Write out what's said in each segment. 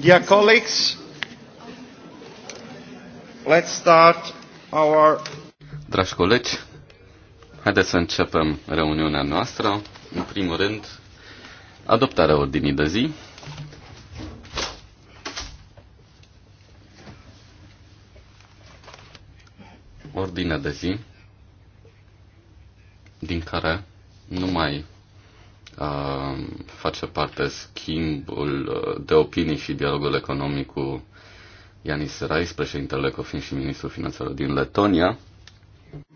Dear colleagues, let's start our... Dragi colegi, haideți să începem reuniunea noastră. În primul rând, adoptarea ordinii de zi. Ordinea de zi din care numai Uh, face parte schimbul uh, de opinii și dialogul economic cu Ianis Rais, președintele COFIN și ministrul finanțelor din Letonia.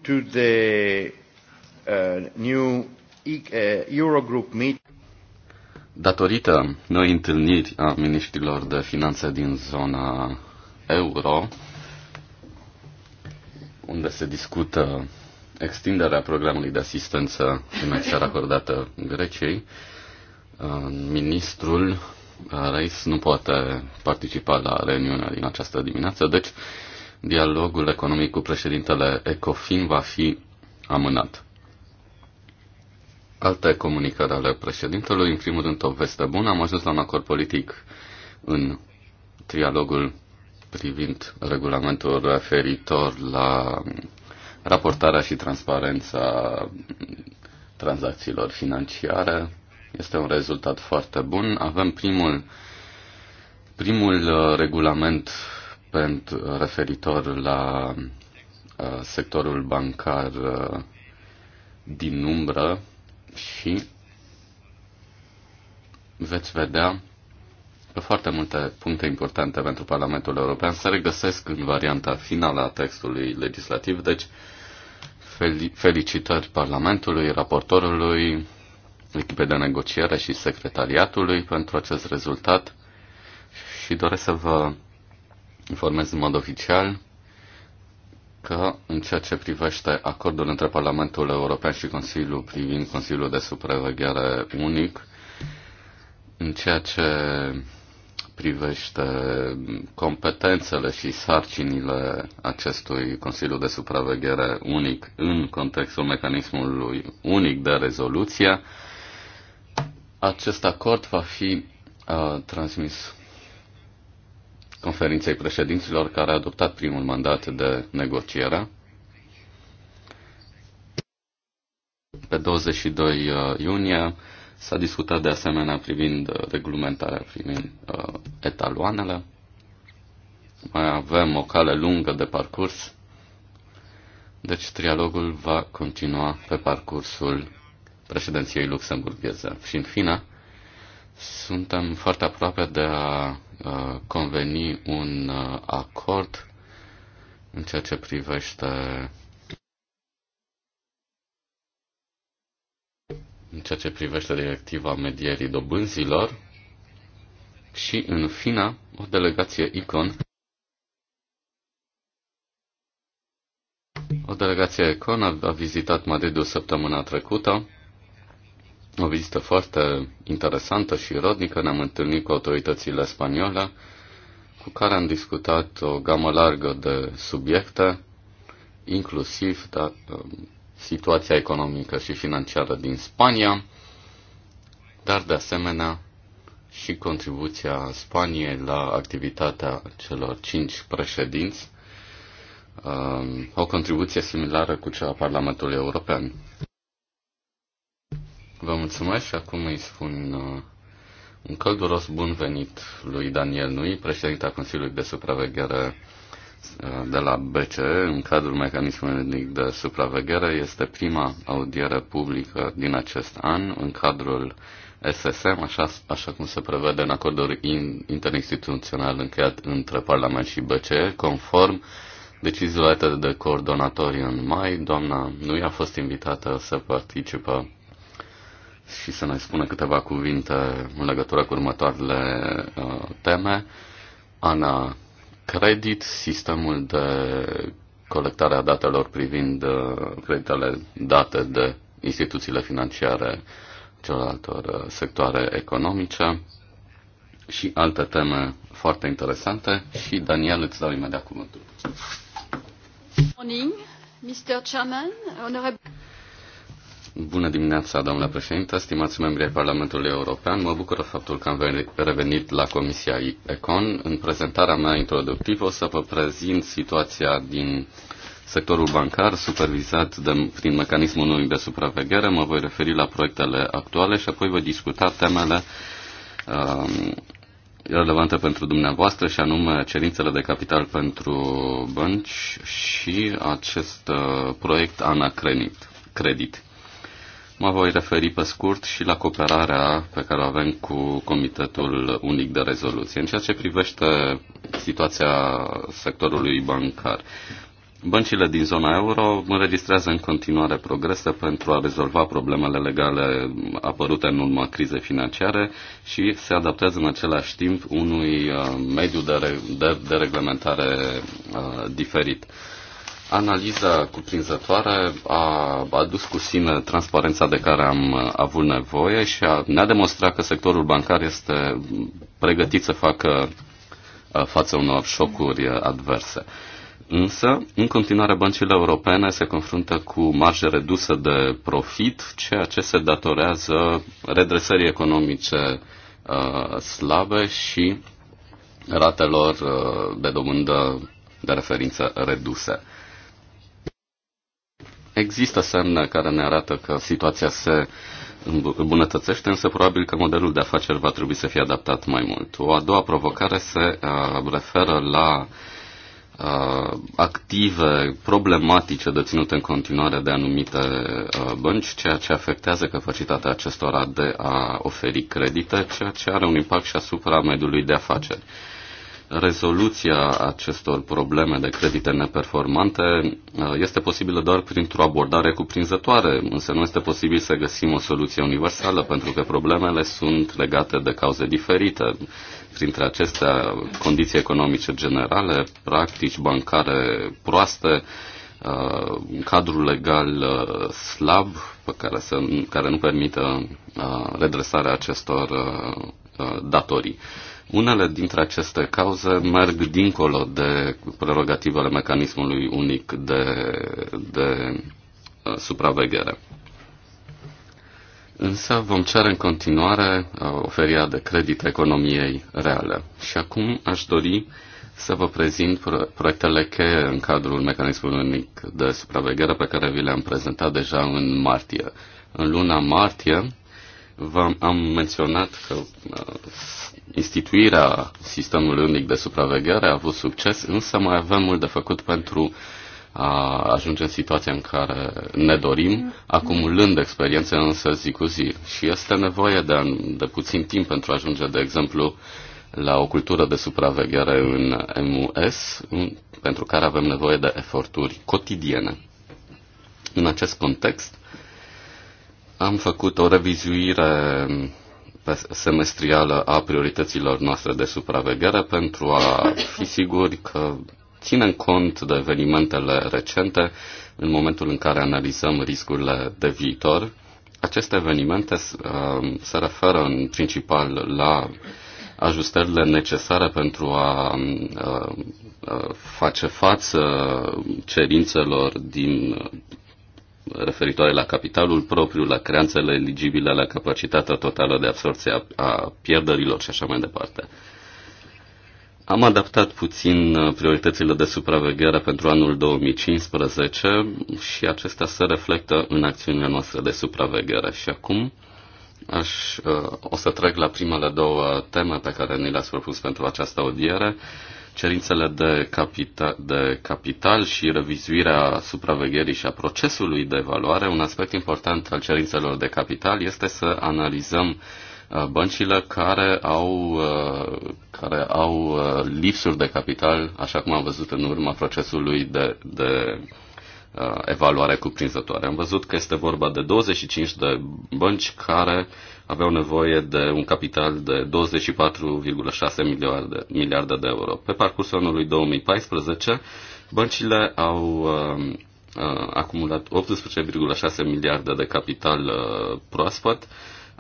To the uh, new uh, Eurogroup meet. Datorită noi întâlniri a ministrilor de finanțe din zona euro, unde se discută extinderea programului de asistență financiară acordată Greciei, uh, ministrul uh, Reis nu poate participa la reuniunea din această dimineață, deci dialogul economic cu președintele ECOFIN va fi amânat. Alte comunicări ale președintelui, în primul rând o veste bună, am ajuns la un acord politic în trialogul privind regulamentul referitor la Raportarea și transparența tranzacțiilor financiare este un rezultat foarte bun. Avem primul, primul uh, regulament pentru, uh, referitor la uh, sectorul bancar din umbră și veți vedea că foarte multe puncte importante pentru Parlamentul European se regăsesc în varianta finală a textului legislativ, deci felicitări Parlamentului, raportorului, echipei de negociere și secretariatului pentru acest rezultat și doresc să vă informez în mod oficial că în ceea ce privește acordul între Parlamentul European și Consiliul privind Consiliul de Supraveghere Unic, în ceea ce privește competențele și sarcinile acestui Consiliu de Supraveghere unic în contextul mecanismului unic de rezoluție, acest acord va fi uh, transmis conferinței președinților care a adoptat primul mandat de negociere. Pe 22 uh, iunie, S-a discutat de asemenea privind uh, reglementarea, privind uh, etaloanele. Mai avem o cale lungă de parcurs. Deci trialogul va continua pe parcursul președinției luxemburgheze. Și în fine, suntem foarte aproape de a uh, conveni un uh, acord în ceea ce privește în ceea ce privește directiva medierii dobânzilor și, în FINA o delegație ICON. O delegație ICON a, a vizitat Madridul săptămâna trecută. O vizită foarte interesantă și rodnică. Ne-am întâlnit cu autoritățile spaniole, cu care am discutat o gamă largă de subiecte, inclusiv da, situația economică și financiară din Spania, dar de asemenea și contribuția Spaniei la activitatea celor cinci președinți, um, o contribuție similară cu cea a Parlamentului European. Vă mulțumesc și acum îi spun uh, un călduros bun venit lui Daniel Nui, al Consiliului de Supraveghere de la BCE în cadrul mecanismului de supraveghere. Este prima audiere publică din acest an în cadrul SSM, așa, așa cum se prevede în acordul interinstituțional încheiat între Parlament și BCE, conform deciziilor luate de coordonatori în mai. Doamna nu i-a fost invitată să participă și să ne spună câteva cuvinte în legătură cu următoarele uh, teme. Ana credit, sistemul de colectare a datelor privind uh, creditele date de instituțiile financiare celorlaltor uh, sectoare economice și alte teme foarte interesante și Daniel îți dau imediat cuvântul. Morning, Mr. Chairman, honorable... Bună dimineața, domnule președinte, stimați membri ai Parlamentului European. Mă bucură faptul că am revenit la Comisia Econ. În prezentarea mea introductivă o să vă prezint situația din sectorul bancar supervizat de, prin mecanismul unic de supraveghere. Mă voi referi la proiectele actuale și apoi voi discuta temele um, relevante pentru dumneavoastră și anume cerințele de capital pentru bănci și acest uh, proiect Ana Credit. credit. Mă voi referi pe scurt și la cooperarea pe care o avem cu Comitetul Unic de Rezoluție în ceea ce privește situația sectorului bancar. Băncile din zona euro înregistrează în continuare progrese pentru a rezolva problemele legale apărute în urma crizei financiare și se adaptează în același timp unui uh, mediu de, re- de, de reglementare uh, diferit. Uh, Analiza cuprinzătoare a adus cu sine transparența de care am avut nevoie și a, ne-a demonstrat că sectorul bancar este pregătit să facă față unor șocuri adverse. Însă, în continuare, băncile europene se confruntă cu marge redusă de profit, ceea ce se datorează redresării economice uh, slabe și ratelor uh, de dobândă de referință reduse. Există semne care ne arată că situația se îmbunătățește, însă probabil că modelul de afaceri va trebui să fie adaptat mai mult. O a doua provocare se referă la active problematice deținute în continuare de anumite bănci, ceea ce afectează capacitatea acestora de a oferi credite, ceea ce are un impact și asupra mediului de afaceri. Rezoluția acestor probleme de credite neperformante uh, este posibilă doar printr-o abordare cuprinzătoare, însă nu este posibil să găsim o soluție universală, pentru că problemele sunt legate de cauze diferite. Printre acestea, condiții economice generale, practici bancare proaste, un uh, cadru legal uh, slab pe care, să, care nu permită redresarea acestor datorii. Unele dintre aceste cauze merg dincolo de prerogativele mecanismului unic de, de uh, supraveghere. Însă vom cere în continuare uh, oferia de credit economiei reale. Și acum aș dori să vă prezint proiectele cheie în cadrul mecanismului unic de supraveghere pe care vi le-am prezentat deja în martie. În luna martie v-am am menționat că uh, instituirea sistemului unic de supraveghere a avut succes, însă mai avem mult de făcut pentru a ajunge în situația în care ne dorim, acumulând experiențe însă zi cu zi. Și este nevoie de, de puțin timp pentru a ajunge, de exemplu, la o cultură de supraveghere în MUS, pentru care avem nevoie de eforturi cotidiene. În acest context, am făcut o revizuire semestrială a priorităților noastre de supraveghere pentru a fi siguri că ținem cont de evenimentele recente în momentul în care analizăm riscurile de viitor. Aceste evenimente uh, se referă în principal la ajustările necesare pentru a uh, uh, face față cerințelor din referitoare la capitalul propriu, la creanțele eligibile, la capacitatea totală de absorție a pierderilor și așa mai departe. Am adaptat puțin uh, prioritățile de supraveghere pentru anul 2015 și acestea se reflectă în acțiunile noastre de supraveghere. Și acum aș, uh, o să trec la primele două teme pe care ni le-ați propus pentru această audiere cerințele de, capita- de capital și revizuirea supravegherii și a procesului de evaluare, un aspect important al cerințelor de capital este să analizăm uh, băncile care au, uh, care au uh, lipsuri de capital, așa cum am văzut în urma procesului de, de evaluare cuprinzătoare. Am văzut că este vorba de 25 de bănci care aveau nevoie de un capital de 24,6 miliarde, miliarde de euro. Pe parcursul anului 2014, băncile au um, uh, acumulat 18,6 miliarde de capital uh, proaspăt,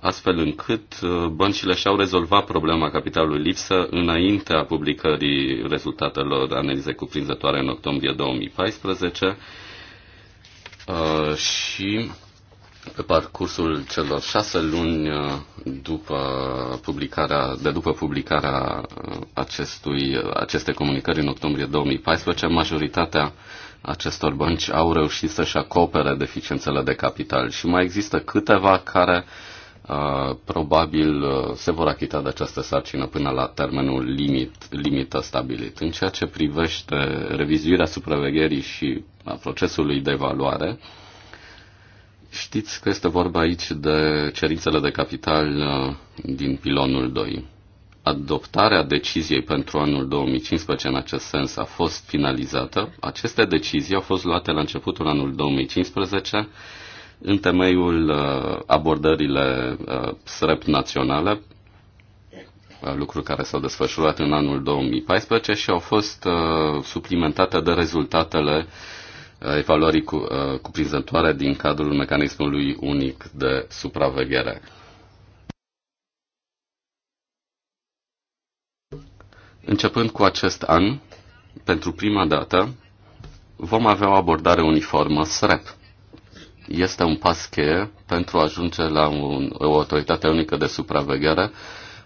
astfel încât uh, băncile și-au rezolvat problema capitalului lipsă înaintea publicării rezultatelor analize cuprinzătoare în octombrie 2014 uh, și pe parcursul celor șase luni uh, după publicarea, de după publicarea uh, acestui, uh, aceste comunicări în octombrie 2014, majoritatea acestor bănci au reușit să-și acopere deficiențele de capital și mai există câteva care uh, probabil se vor achita de această sarcină până la termenul limit, limită stabilit. În ceea ce privește revizuirea supravegherii și a procesului de evaluare, uh, Știți că este vorba aici de cerințele de capital uh, din pilonul 2. Adoptarea deciziei pentru anul 2015 în acest sens a fost finalizată. Aceste decizii au fost luate la începutul anului 2015 în temeiul uh, abordările uh, SREP naționale, lucru care s-au desfășurat în anul 2014 și au fost suplimentate de rezultatele Uh, evaluării cu, uh, cuprinzătoare din cadrul mecanismului unic de supraveghere. Începând cu acest an, pentru prima dată, vom avea o abordare uniformă SREP. Este un pas cheie pentru a ajunge la un, o autoritate unică de supraveghere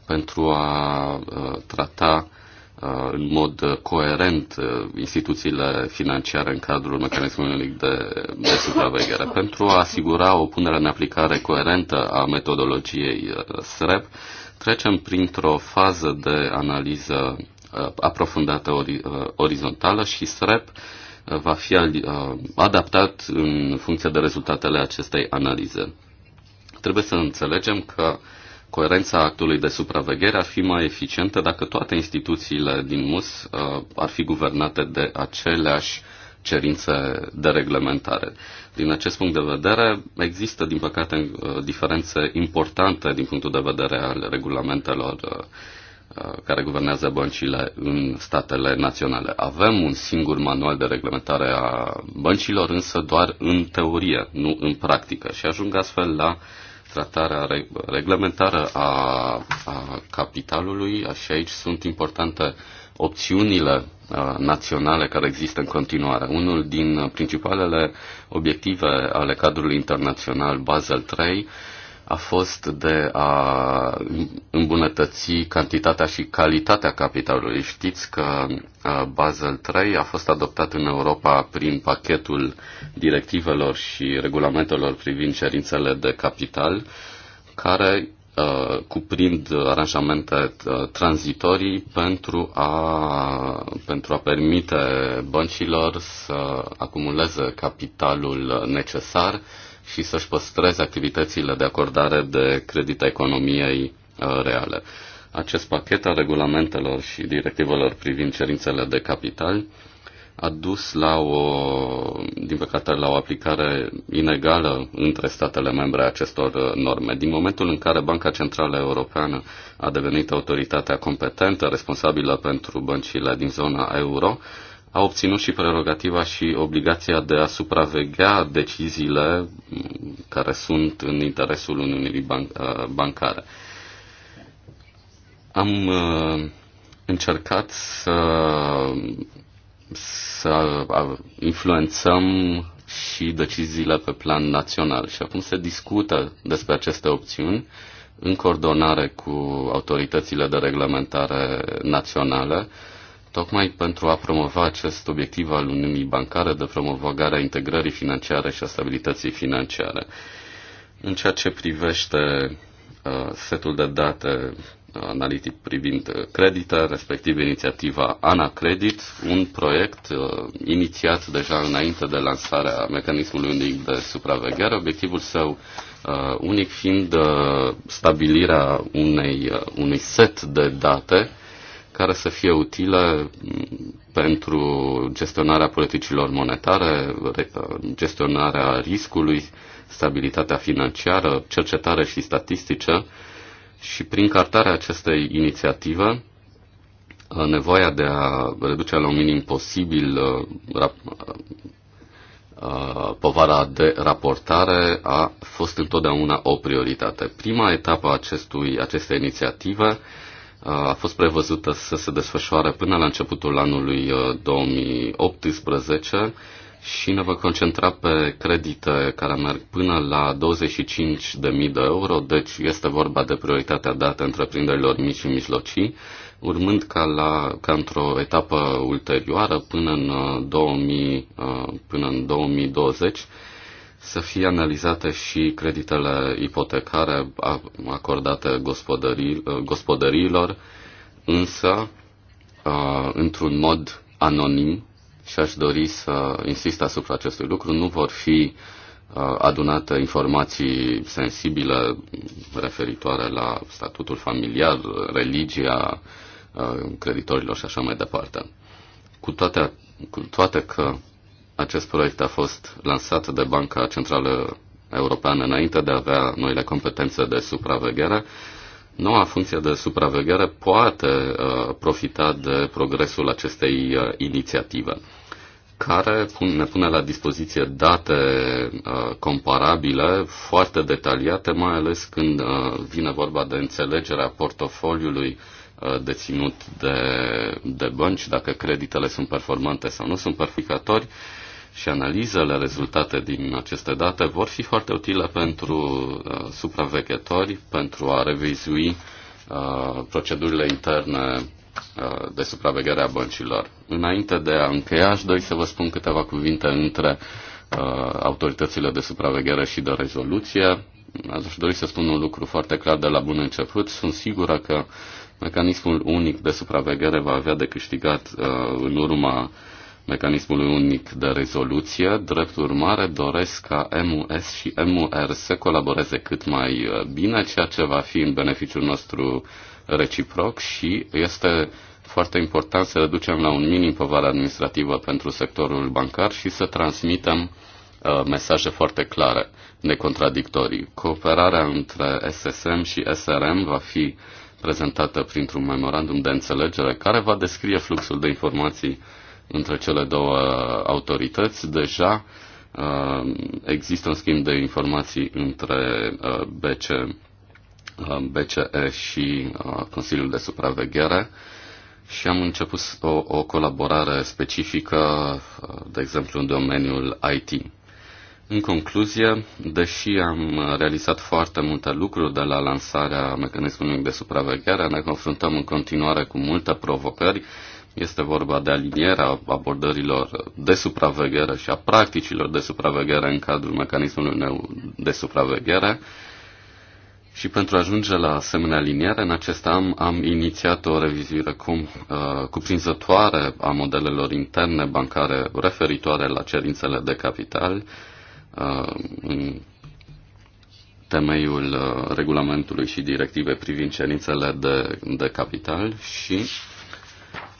pentru a uh, trata Uh, în mod uh, coerent uh, instituțiile financiare în cadrul mecanismului de, de supraveghere pentru a asigura o punere în aplicare coerentă a metodologiei SREP. Trecem printr-o fază de analiză aprofundată ori, orizontală și SREP va fi adaptat în funcție de rezultatele acestei analize. Trebuie să înțelegem că uh, coerența actului de supraveghere ar fi mai eficientă dacă toate instituțiile din MUS uh, ar fi guvernate de aceleași cerințe de reglementare. Din acest punct de vedere, există, din păcate, uh, diferențe importante din punctul de vedere al regulamentelor uh, care guvernează băncile în statele naționale. Avem un singur manual de reglementare a băncilor, însă doar în teorie, nu în practică, și ajung astfel la uh, tratarea reglementară a, a capitalului și aici sunt importante opțiunile naționale care există în continuare. Unul din principalele obiective ale cadrului internațional Basel III a fost de a îmbunătăți cantitatea și calitatea capitalului. Știți că uh, Basel III a fost adoptat în Europa prin pachetul directivelor și regulamentelor privind cerințele de capital, care uh, cuprind aranjamente uh, tranzitorii pentru a, pentru a permite băncilor să acumuleze capitalul necesar și să-și păstreze activitățile de acordare de credit a economiei uh, reale. Acest pachet al regulamentelor și directivelor privind cerințele de capital a dus la o, din păcate, la o aplicare inegală între statele membre a acestor uh, norme. Din momentul în care Banca Centrală Europeană a devenit autoritatea competentă, responsabilă pentru băncile din zona euro, a obținut și prerogativa și obligația de a supraveghea deciziile mm, care sunt în interesul Uniunii ban- Bancare. Am încercat să, să influențăm și deciziile pe plan național și acum se discută despre aceste opțiuni în coordonare cu autoritățile de reglementare naționale tocmai pentru a promova acest obiectiv al Uniunii Bancare de promovarea integrării financiare și a stabilității financiare. În ceea ce privește uh, setul de date uh, analitic privind credită, respectiv inițiativa ANA Credit, un proiect uh, inițiat deja înainte de lansarea mecanismului unic de supraveghere, obiectivul său uh, unic fiind uh, stabilirea unei, uh, unui set de date care să fie utile mm, pentru gestionarea politicilor monetare, gestionarea riscului, stabilitatea financiară, cercetare și statistice și prin cartarea acestei inițiative uh, nevoia de a reduce la un minim posibil uh, uh, povara de raportare a fost întotdeauna o prioritate. Prima etapă a acestui, acestei inițiative a fost prevăzută să se desfășoare până la începutul anului 2018 uh, și ne va concentra pe credite care merg până la 25.000 de euro, deci este vorba de prioritatea dată întreprinderilor mici și mijlocii, urmând ca, la, ca într-o etapă ulterioară până în, 2000, uh, uh, până în 2020 să fie analizate și creditele ipotecare acordate uh, gospodăriilor, însă uh, într-un mod anonim și aș dori să insist asupra acestui lucru, nu vor fi uh, adunate informații sensibile referitoare la statutul familiar, religia creditorilor și așa mai departe. Cu toate, cu toate că acest proiect a fost lansat de Banca Centrală Europeană înainte de a avea noile competențe de supraveghere. Noua funcție de supraveghere poate uh, profita de progresul acestei uh, inițiative care ne pune la dispoziție date uh, comparabile, foarte detaliate, mai ales când uh, vine vorba de înțelegerea portofoliului uh, deținut de, de bănci, dacă creditele sunt performante sau nu sunt perficatori, uh, și analizele rezultate din aceste date vor fi foarte utile pentru uh, supraveghetori, pentru a revizui uh, procedurile interne uh, de supraveghere a băncilor. Înainte de a încheia, aș dori să vă spun câteva cuvinte între autoritățile de supraveghere și de rezoluție. Aș dori să spun un lucru foarte clar de la bun început. Sunt sigură că mecanismul unic de supraveghere va avea de câștigat uh, în urma uh, mecanismului unic de rezoluție. Drept urmare, doresc ca MUS și MUR să colaboreze cât mai uh, bine, ceea ce va fi în beneficiul nostru reciproc și este foarte important să reducem la un minim povara administrativă pentru sectorul bancar și să transmitem uh, mesaje foarte clare, necontradictorii. Cooperarea între SSM și SRM va fi prezentată printr-un memorandum de înțelegere care va descrie fluxul de informații între cele două autorități. Deja uh, există un schimb de informații între uh, BC, uh, BCE și Consiliul de Supraveghere și am început o, o colaborare specifică, de exemplu, în domeniul IT. În concluzie, deși am realizat foarte multe lucruri de la lansarea mecanismului de supraveghere, ne confruntăm în continuare cu multe provocări este vorba de alinierea abordărilor de supraveghere și a practicilor de supraveghere în cadrul mecanismului de supraveghere. Și pentru a ajunge la asemenea aliniere, în acest an am inițiat o revizuire cum, uh, cuprinzătoare a modelelor interne bancare referitoare la cerințele de capital uh, în temeiul uh, regulamentului și directive privind cerințele de, de capital și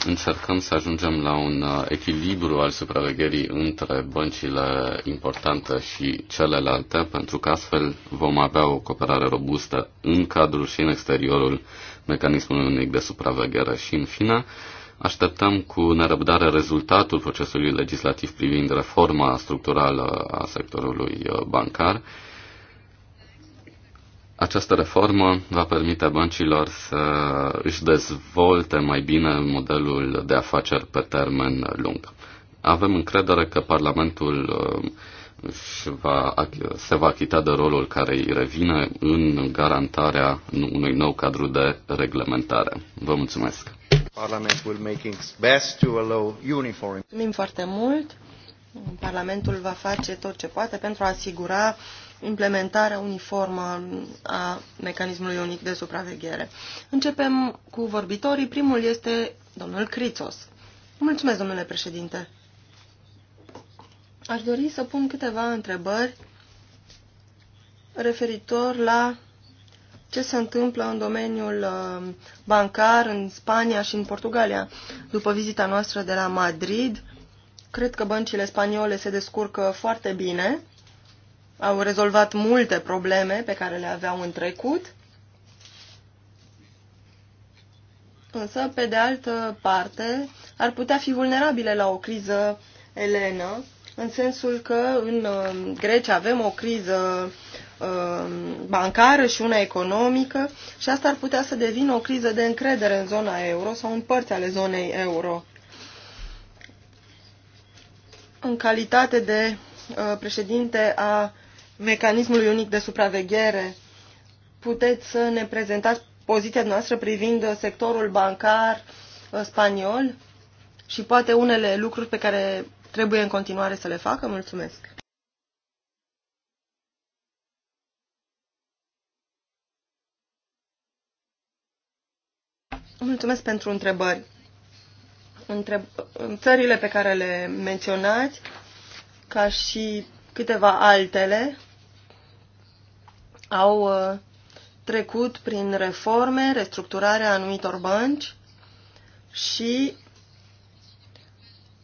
încercăm să ajungem la un uh, echilibru al supravegherii între băncile importante și celelalte, pentru că astfel vom avea o cooperare robustă în cadrul și în exteriorul mecanismului unic de supraveghere. Și, în fine, așteptăm cu nerăbdare rezultatul procesului legislativ privind reforma structurală a sectorului uh, bancar această reformă va permite băncilor să își dezvolte mai bine modelul de afaceri pe termen lung. Avem încredere că Parlamentul uh, își va, se va achita de rolul care îi revine în garantarea unui nou cadru de reglementare. Vă mulțumesc! Parlamentul make best to allow uniform. Mulțumim foarte mult! Parlamentul va face tot ce poate pentru a asigura implementarea uniformă a mecanismului unic de supraveghere. Începem cu vorbitorii. Primul este domnul Crițos. Mulțumesc, domnule președinte. Aș dori să pun câteva întrebări referitor la ce se întâmplă în domeniul uh, bancar în Spania și în Portugalia. După vizita noastră de la Madrid, cred că băncile spaniole se descurcă foarte bine au rezolvat multe probleme pe care le aveau în trecut, însă, pe de altă parte, ar putea fi vulnerabile la o criză elenă, în sensul că în um, Grecia avem o criză um, bancară și una economică și asta ar putea să devină o criză de încredere în zona euro sau în părți ale zonei euro. În calitate de uh, președinte a mecanismului unic de supraveghere, puteți să ne prezentați poziția noastră privind sectorul bancar uh, spaniol și poate unele lucruri pe care trebuie în continuare să le facă? Mulțumesc! Mulțumesc pentru întrebări. Întreb... Țările pe care le menționați, ca și câteva altele, au uh, trecut prin reforme, restructurarea anumitor bănci și,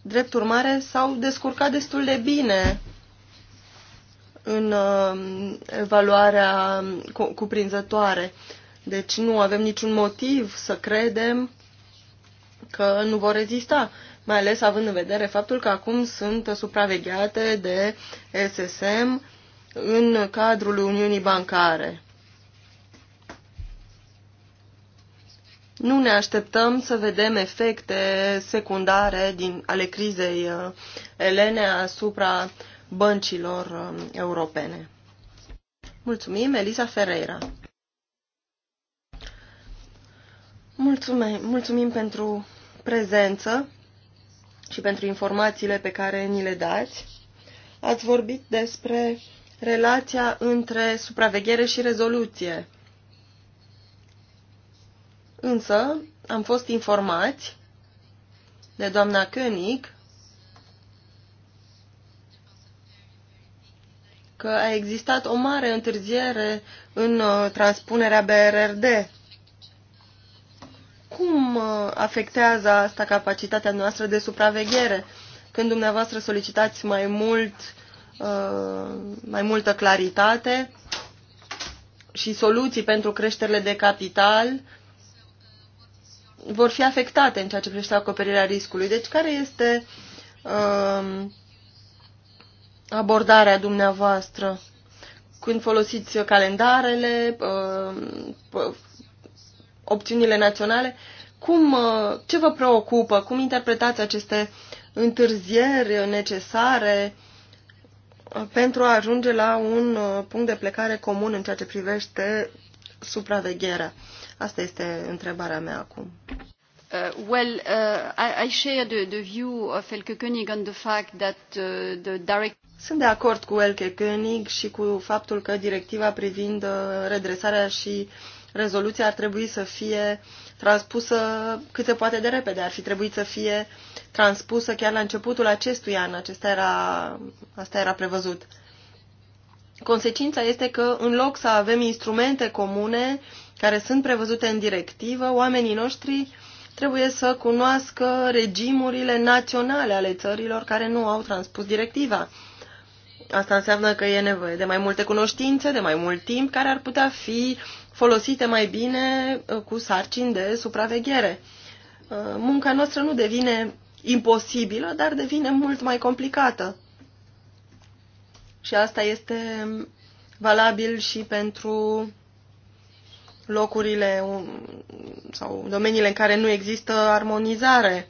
drept urmare, s-au descurcat destul de bine în uh, evaluarea cuprinzătoare. Deci nu avem niciun motiv să credem că nu vor rezista, mai ales având în vedere faptul că acum sunt supravegheate de SSM în cadrul Uniunii Bancare. Nu ne așteptăm să vedem efecte secundare din, ale crizei uh, elene asupra băncilor uh, europene. Mulțumim, Elisa Ferreira. Mulțumim, mulțumim pentru prezență și pentru informațiile pe care ni le dați. Ați vorbit despre relația între supraveghere și rezoluție. Însă, am fost informați de doamna König că a existat o mare întârziere în uh, transpunerea BRRD. Cum uh, afectează asta capacitatea noastră de supraveghere? Când dumneavoastră solicitați mai mult uh, Uh, mai multă claritate și soluții pentru creșterile de capital vor fi afectate în ceea ce privește acoperirea riscului. Deci care este uh, abordarea dumneavoastră când folosiți calendarele, uh, opțiunile naționale? Cum, uh, ce vă preocupă? Cum interpretați aceste întârzieri necesare? pentru a ajunge la un uh, punct de plecare comun în ceea ce privește supravegherea. Asta este întrebarea mea acum. Uh, well, uh, I, I share the, the view of Elke König on the fact that uh, the direct... Sunt de acord cu Elke König și cu faptul că directiva privind uh, redresarea și rezoluția ar trebui să fie uh, transpusă cât se poate de repede. Ar fi trebuit să fie transpusă chiar la începutul acestui an. Acesta era, asta era prevăzut. Consecința este că, în loc să avem instrumente comune care sunt prevăzute în directivă, oamenii noștri trebuie să cunoască regimurile naționale ale țărilor care nu au transpus directiva. Asta înseamnă că e nevoie de mai multe cunoștințe, de mai mult timp, care ar putea fi folosite mai bine uh, cu sarcini de supraveghere. Uh, munca noastră nu devine imposibilă, dar devine mult mai complicată. Și asta este valabil și pentru locurile um, sau domeniile în care nu există armonizare.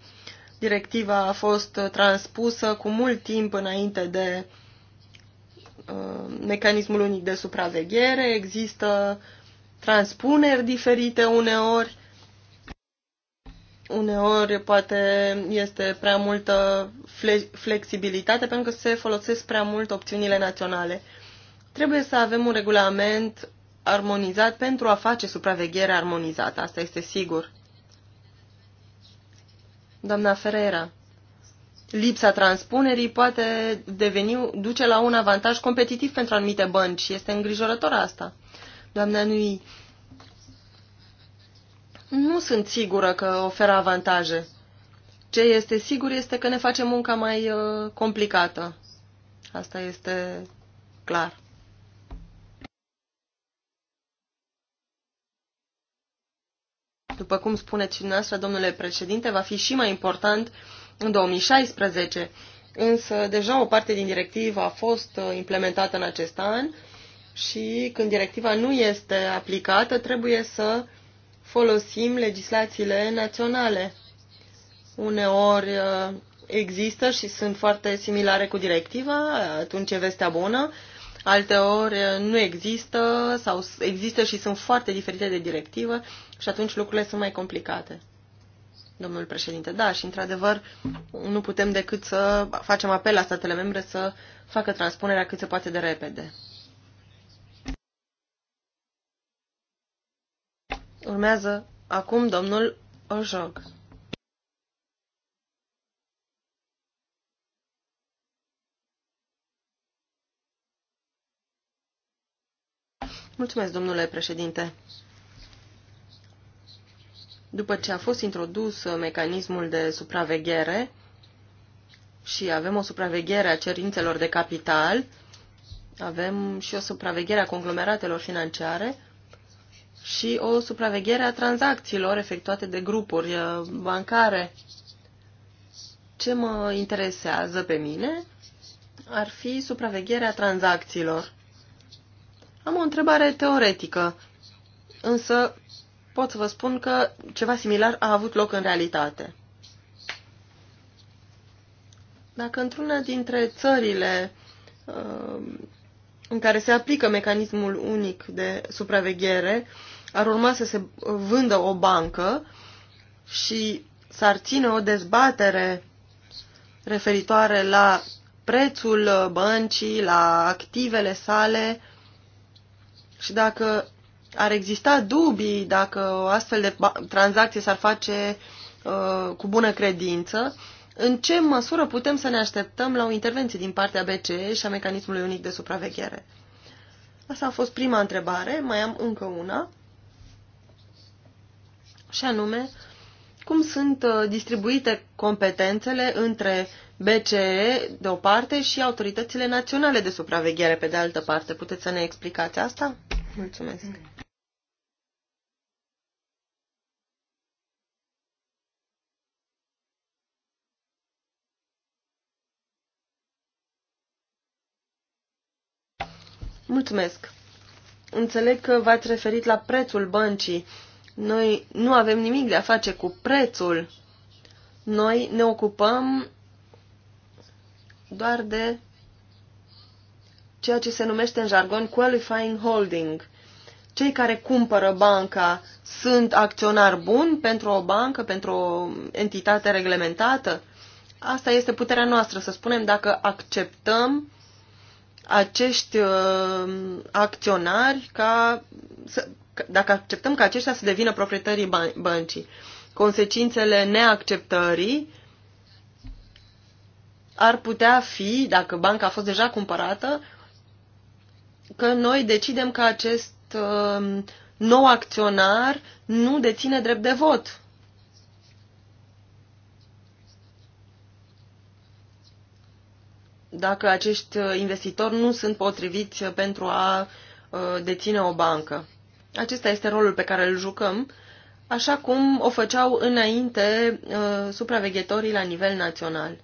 Directiva a fost transpusă cu mult timp înainte de uh, mecanismul unic de supraveghere, există transpuneri diferite uneori. Uneori poate este prea multă flexibilitate pentru că se folosesc prea mult opțiunile naționale. Trebuie să avem un regulament armonizat pentru a face supraveghere armonizată, asta este sigur. Doamna Ferreira, lipsa transpunerii poate deveni, duce la un avantaj competitiv pentru anumite bănci. Este îngrijorător asta doamna Nui. Nu sunt sigură că oferă avantaje. Ce este sigur este că ne face munca mai uh, complicată. Asta este clar. După cum spuneți și dumneavoastră, domnule președinte, va fi și mai important în 2016. Însă deja o parte din directivă a fost uh, implementată în acest an și când directiva nu este aplicată, trebuie să folosim legislațiile naționale. Uneori uh, există și sunt foarte similare cu directiva, atunci e vestea bună, alteori uh, nu există sau există și sunt foarte diferite de directivă și atunci lucrurile sunt mai complicate. Domnul președinte, da, și într-adevăr nu putem decât să facem apel la statele membre să facă transpunerea cât se poate de repede. Urmează acum domnul Ojog. Mulțumesc, domnule președinte. După ce a fost introdus mecanismul de supraveghere și avem o supraveghere a cerințelor de capital, avem și o supraveghere a conglomeratelor financiare, și o supraveghere a tranzacțiilor efectuate de grupuri uh, bancare. Ce mă interesează pe mine ar fi supravegherea tranzacțiilor. Am o întrebare teoretică, însă pot să vă spun că ceva similar a avut loc în realitate. Dacă într-una dintre țările uh, în care se aplică mecanismul unic de supraveghere, ar urma să se vândă o bancă și s-ar ține o dezbatere referitoare la prețul băncii, la activele sale și dacă ar exista dubii dacă o astfel de tranzacție s-ar face uh, cu bună credință, în ce măsură putem să ne așteptăm la o intervenție din partea BCE și a mecanismului unic de supraveghere? Asta a fost prima întrebare, mai am încă una și anume cum sunt uh, distribuite competențele între BCE de o parte și autoritățile naționale de supraveghere pe de altă parte. Puteți să ne explicați asta? Mulțumesc. Mulțumesc. Înțeleg că v-ați referit la prețul băncii noi nu avem nimic de a face cu prețul. Noi ne ocupăm doar de ceea ce se numește în jargon qualifying holding. Cei care cumpără banca sunt acționari buni pentru o bancă, pentru o entitate reglementată? Asta este puterea noastră, să spunem dacă acceptăm acești uh, acționari ca să, dacă acceptăm ca aceștia să devină proprietarii băncii, consecințele neacceptării ar putea fi, dacă banca a fost deja cumpărată, că noi decidem că acest uh, nou acționar nu deține drept de vot. Dacă acești uh, investitori nu sunt potriviți pentru a uh, deține o bancă. Acesta este rolul pe care îl jucăm, așa cum o făceau înainte uh, supraveghetorii la nivel național.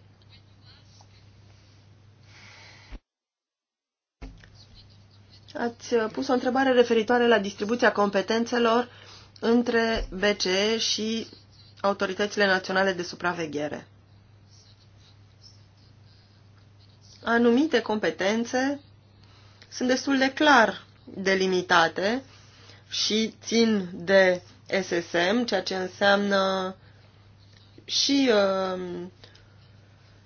Ați uh, pus o întrebare referitoare la distribuția competențelor între BCE și autoritățile naționale de supraveghere. Anumite competențe sunt destul de clar delimitate și țin de SSM, ceea ce înseamnă și uh,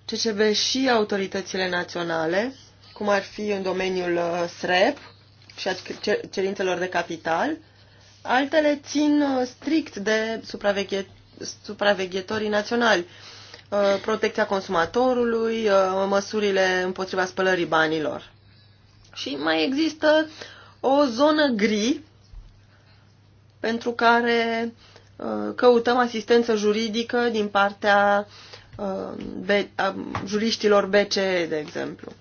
CCB și autoritățile naționale, cum ar fi în domeniul uh, SREP și a cerințelor de capital. Altele țin uh, strict de supraveghe supraveghetorii naționali, protecția consumatorului, măsurile împotriva spălării banilor. Și mai există o zonă gri pentru care uh, căutăm asistență juridică din partea uh, a juriștilor BCE, de exemplu.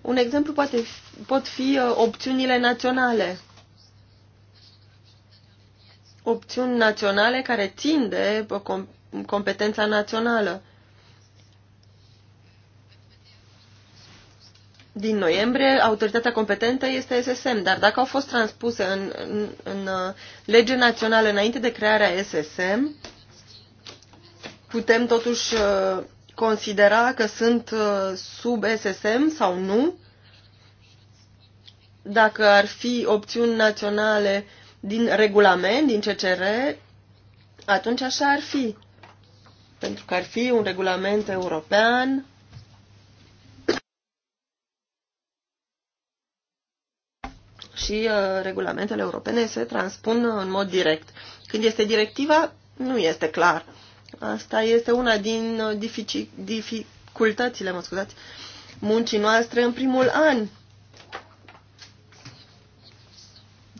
Un exemplu poate, pot fi uh, opțiunile naționale. Opțiuni naționale care țin de competența națională. din noiembrie, autoritatea competentă este SSM, dar dacă au fost transpuse în, în, în uh, lege națională înainte de crearea SSM, putem totuși uh, considera că sunt uh, sub SSM sau nu? Dacă ar fi opțiuni naționale din regulament, din CCR, atunci așa ar fi. Pentru că ar fi un regulament european și uh, regulamentele europene se transpun uh, în mod direct. Când este directiva, nu este clar. Asta este una din uh, dificultățile, mă scuzați, muncii noastre în primul an.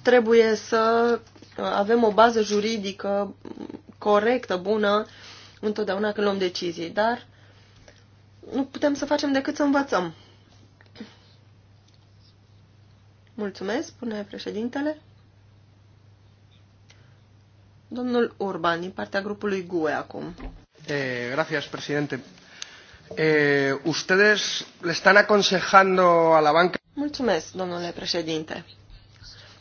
Trebuie să avem o bază juridică corectă, bună, întotdeauna când luăm decizii, dar nu putem să facem decât să învățăm. Mulțumesc, spune președintele. Domnul Urban, din partea grupului GUE acum. Eh, gracias, presidente. Eh, ustedes le están aconsejando a la banca... Mulțumesc, domnule președinte.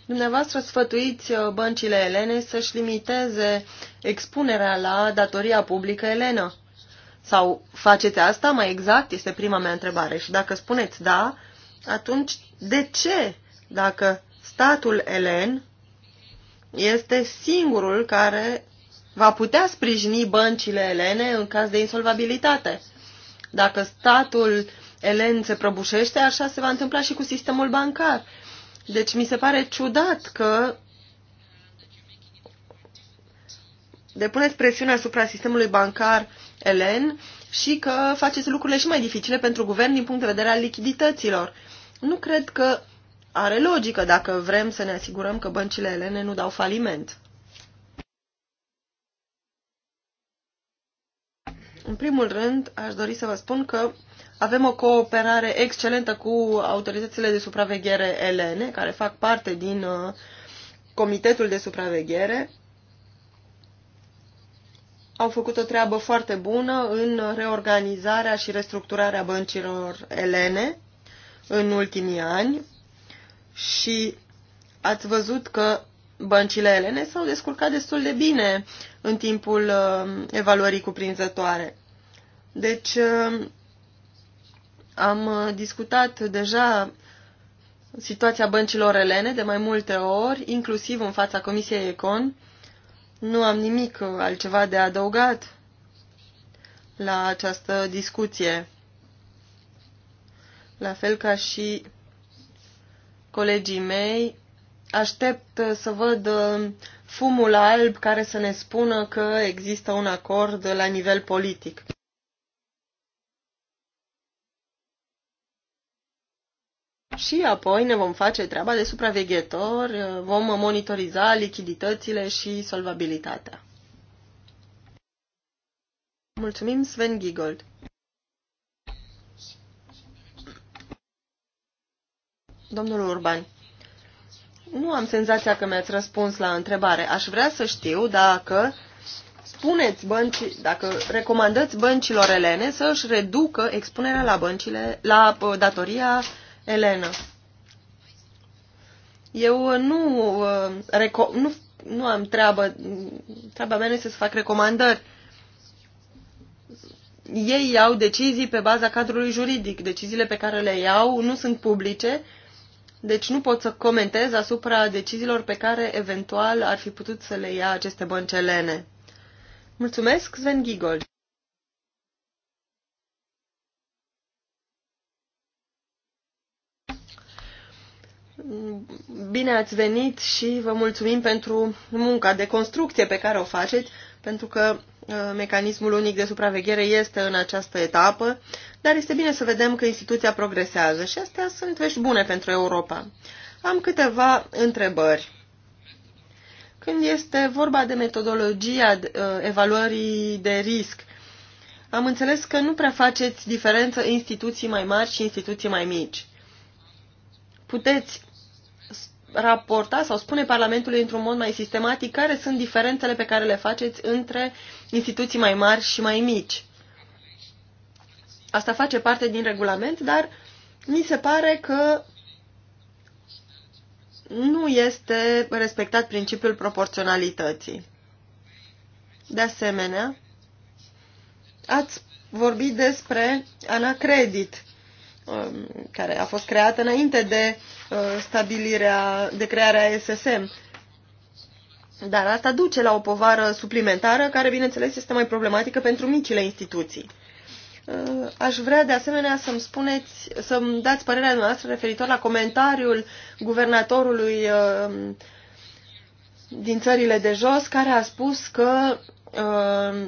Dumneavoastră sfătuiți uh, băncile elene să-și limiteze expunerea la datoria publică elenă. Sau faceți asta mai exact? Este prima mea întrebare. Și dacă spuneți da, atunci de ce dacă statul elen este singurul care va putea sprijini băncile elene în caz de insolvabilitate. Dacă statul elen se prăbușește, așa se va întâmpla și cu sistemul bancar. Deci mi se pare ciudat că depuneți presiune asupra sistemului bancar elen și că faceți lucrurile și mai dificile pentru guvern din punct de vedere al lichidităților. Nu cred că are logică dacă vrem să ne asigurăm că băncile elene nu dau faliment. În primul rând, aș dori să vă spun că avem o cooperare excelentă cu autoritățile de supraveghere elene, care fac parte din uh, Comitetul de Supraveghere. Au făcut o treabă foarte bună în reorganizarea și restructurarea băncilor elene în ultimii ani și ați văzut că băncile elene s-au descurcat destul de bine în timpul uh, evaluării cuprinzătoare. Deci uh, am uh, discutat deja situația băncilor elene de mai multe ori, inclusiv în fața Comisiei Econ. Nu am nimic altceva de adăugat la această discuție. La fel ca și colegii mei, aștept să văd uh, fumul alb care să ne spună că există un acord la nivel politic. Și apoi ne vom face treaba de supraveghetor, uh, vom monitoriza lichiditățile și solvabilitatea. Mulțumim, Sven Gigold! Domnul Urban, nu am senzația că mi-ați răspuns la întrebare. Aș vrea să știu dacă spuneți bănci, dacă recomandați băncilor elene să își reducă expunerea la, băncile, la uh, datoria elenă. Eu uh, nu, uh, nu, nu am treabă, treaba mea este să fac recomandări. Ei iau decizii pe baza cadrului juridic. Deciziile pe care le iau nu sunt publice deci nu pot să comentez asupra deciziilor pe care eventual ar fi putut să le ia aceste băncelene. Mulțumesc, Sven Giegold. Bine ați venit și vă mulțumim pentru munca de construcție pe care o faceți, pentru că uh, mecanismul unic de supraveghere este în această etapă, dar este bine să vedem că instituția progresează și astea sunt vești bune pentru Europa. Am câteva întrebări. Când este vorba de metodologia uh, evaluării de risc, am înțeles că nu prea faceți diferență instituții mai mari și instituții mai mici. Puteți raporta sau spune Parlamentului într-un mod mai sistematic care sunt diferențele pe care le faceți între instituții mai mari și mai mici. Asta face parte din regulament, dar mi se pare că nu este respectat principiul proporționalității. De asemenea, ați vorbit despre anacredit, um, care a fost creată înainte de uh, stabilirea, de crearea SSM. Dar asta duce la o povară suplimentară, care, bineînțeles, este mai problematică pentru micile instituții. Uh, aș vrea de asemenea să-mi spuneți, să-mi dați părerea noastră referitor la comentariul guvernatorului uh, din țările de jos, care a spus că uh,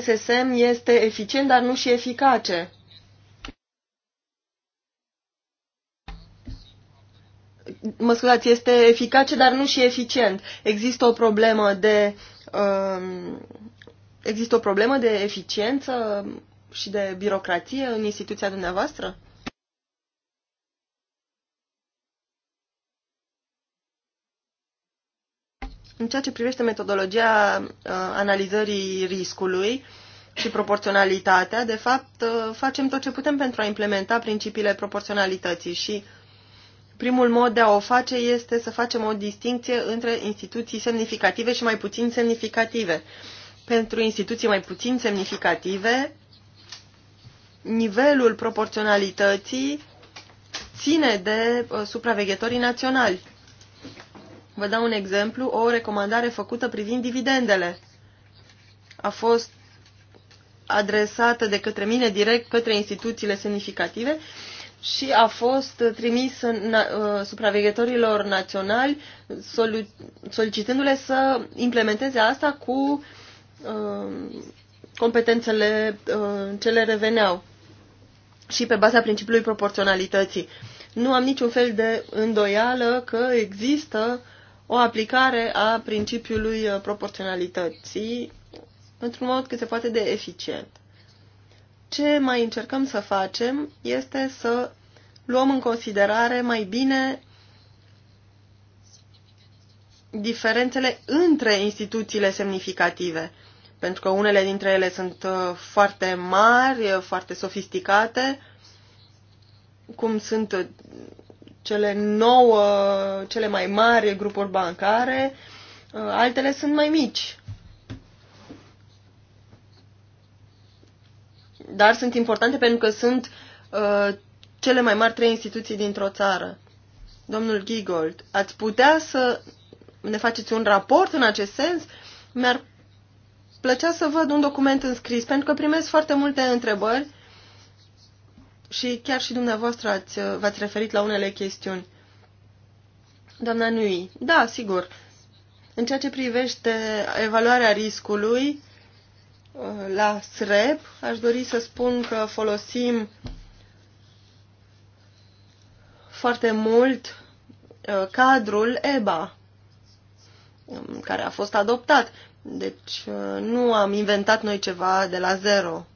SSM este eficient, dar nu și eficace. Mă scuzați, este eficace, dar nu și eficient. Există o problemă de. Um, există o problemă de eficiență și de birocratie în instituția dumneavoastră? În ceea ce privește metodologia uh, analizării riscului și proporționalitatea, de fapt, uh, facem tot ce putem pentru a implementa principiile proporționalității și primul mod de a o face este să facem o distinție între instituții semnificative și mai puțin semnificative. Pentru instituții mai puțin semnificative, nivelul proporționalității ține de uh, supraveghetorii naționali. Vă dau un exemplu, o recomandare făcută privind dividendele. A fost adresată de către mine direct către instituțiile semnificative și a fost trimis în, uh, supraveghetorilor naționali solu- solicitându-le să implementeze asta cu uh, competențele uh, ce le reveneau și pe baza principiului proporționalității. Nu am niciun fel de îndoială că există o aplicare a principiului uh, proporționalității într-un mod cât se poate de eficient. Ce mai încercăm să facem este să luăm în considerare mai bine diferențele între instituțiile semnificative pentru că unele dintre ele sunt uh, foarte mari, uh, foarte sofisticate, cum sunt cele nouă, cele mai mari grupuri bancare, uh, altele sunt mai mici. Dar sunt importante pentru că sunt uh, cele mai mari trei instituții dintr-o țară. Domnul Gigold, ați putea să ne faceți un raport în acest sens? Mi-ar plăcea să văd un document înscris, pentru că primesc foarte multe întrebări și chiar și dumneavoastră ați, v-ați referit la unele chestiuni. Doamna Nui, da, sigur. În ceea ce privește evaluarea riscului uh, la SREP, aș dori să spun că folosim foarte mult uh, cadrul EBA, um, care a fost adoptat. Deci uh, nu am inventat noi ceva de la zero.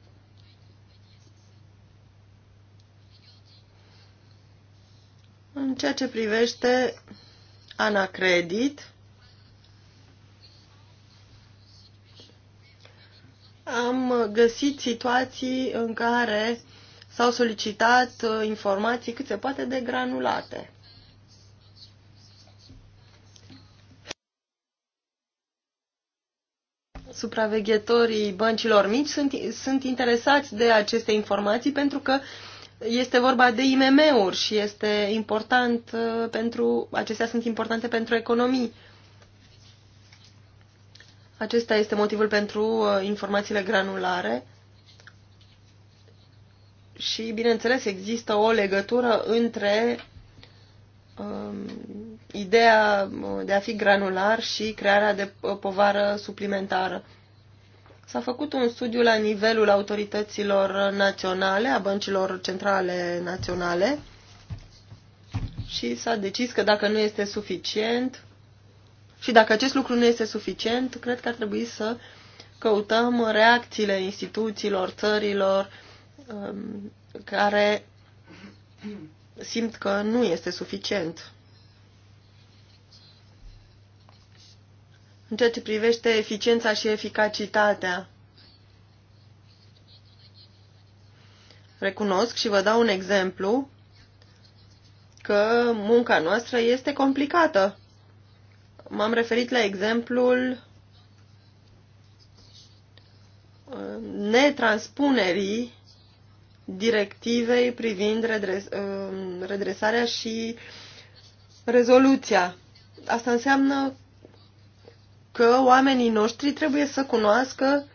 În ceea ce privește Anacredit, am găsit situații în care s-au solicitat uh, informații cât se poate de granulate. supraveghetorii băncilor mici sunt, sunt interesați de aceste informații pentru că este vorba de IMM-uri și este important uh, pentru, acestea sunt importante pentru economii. Acesta este motivul pentru uh, informațiile granulare. Și, bineînțeles, există o legătură între um, ideea uh, de a fi granular și crearea de uh, povară suplimentară. S-a făcut un studiu la nivelul autorităților naționale, a băncilor centrale naționale și s-a decis că dacă nu este suficient și dacă acest lucru nu este suficient, cred că ar trebui să căutăm reacțiile instituțiilor, țărilor um, care simt că nu este suficient. în ceea ce privește eficiența și eficacitatea. Recunosc și vă dau un exemplu că munca noastră este complicată. M-am referit la exemplul uh, netranspunerii directivei privind redres, uh, redresarea și rezoluția. Asta înseamnă că oamenii noștri trebuie să cunoască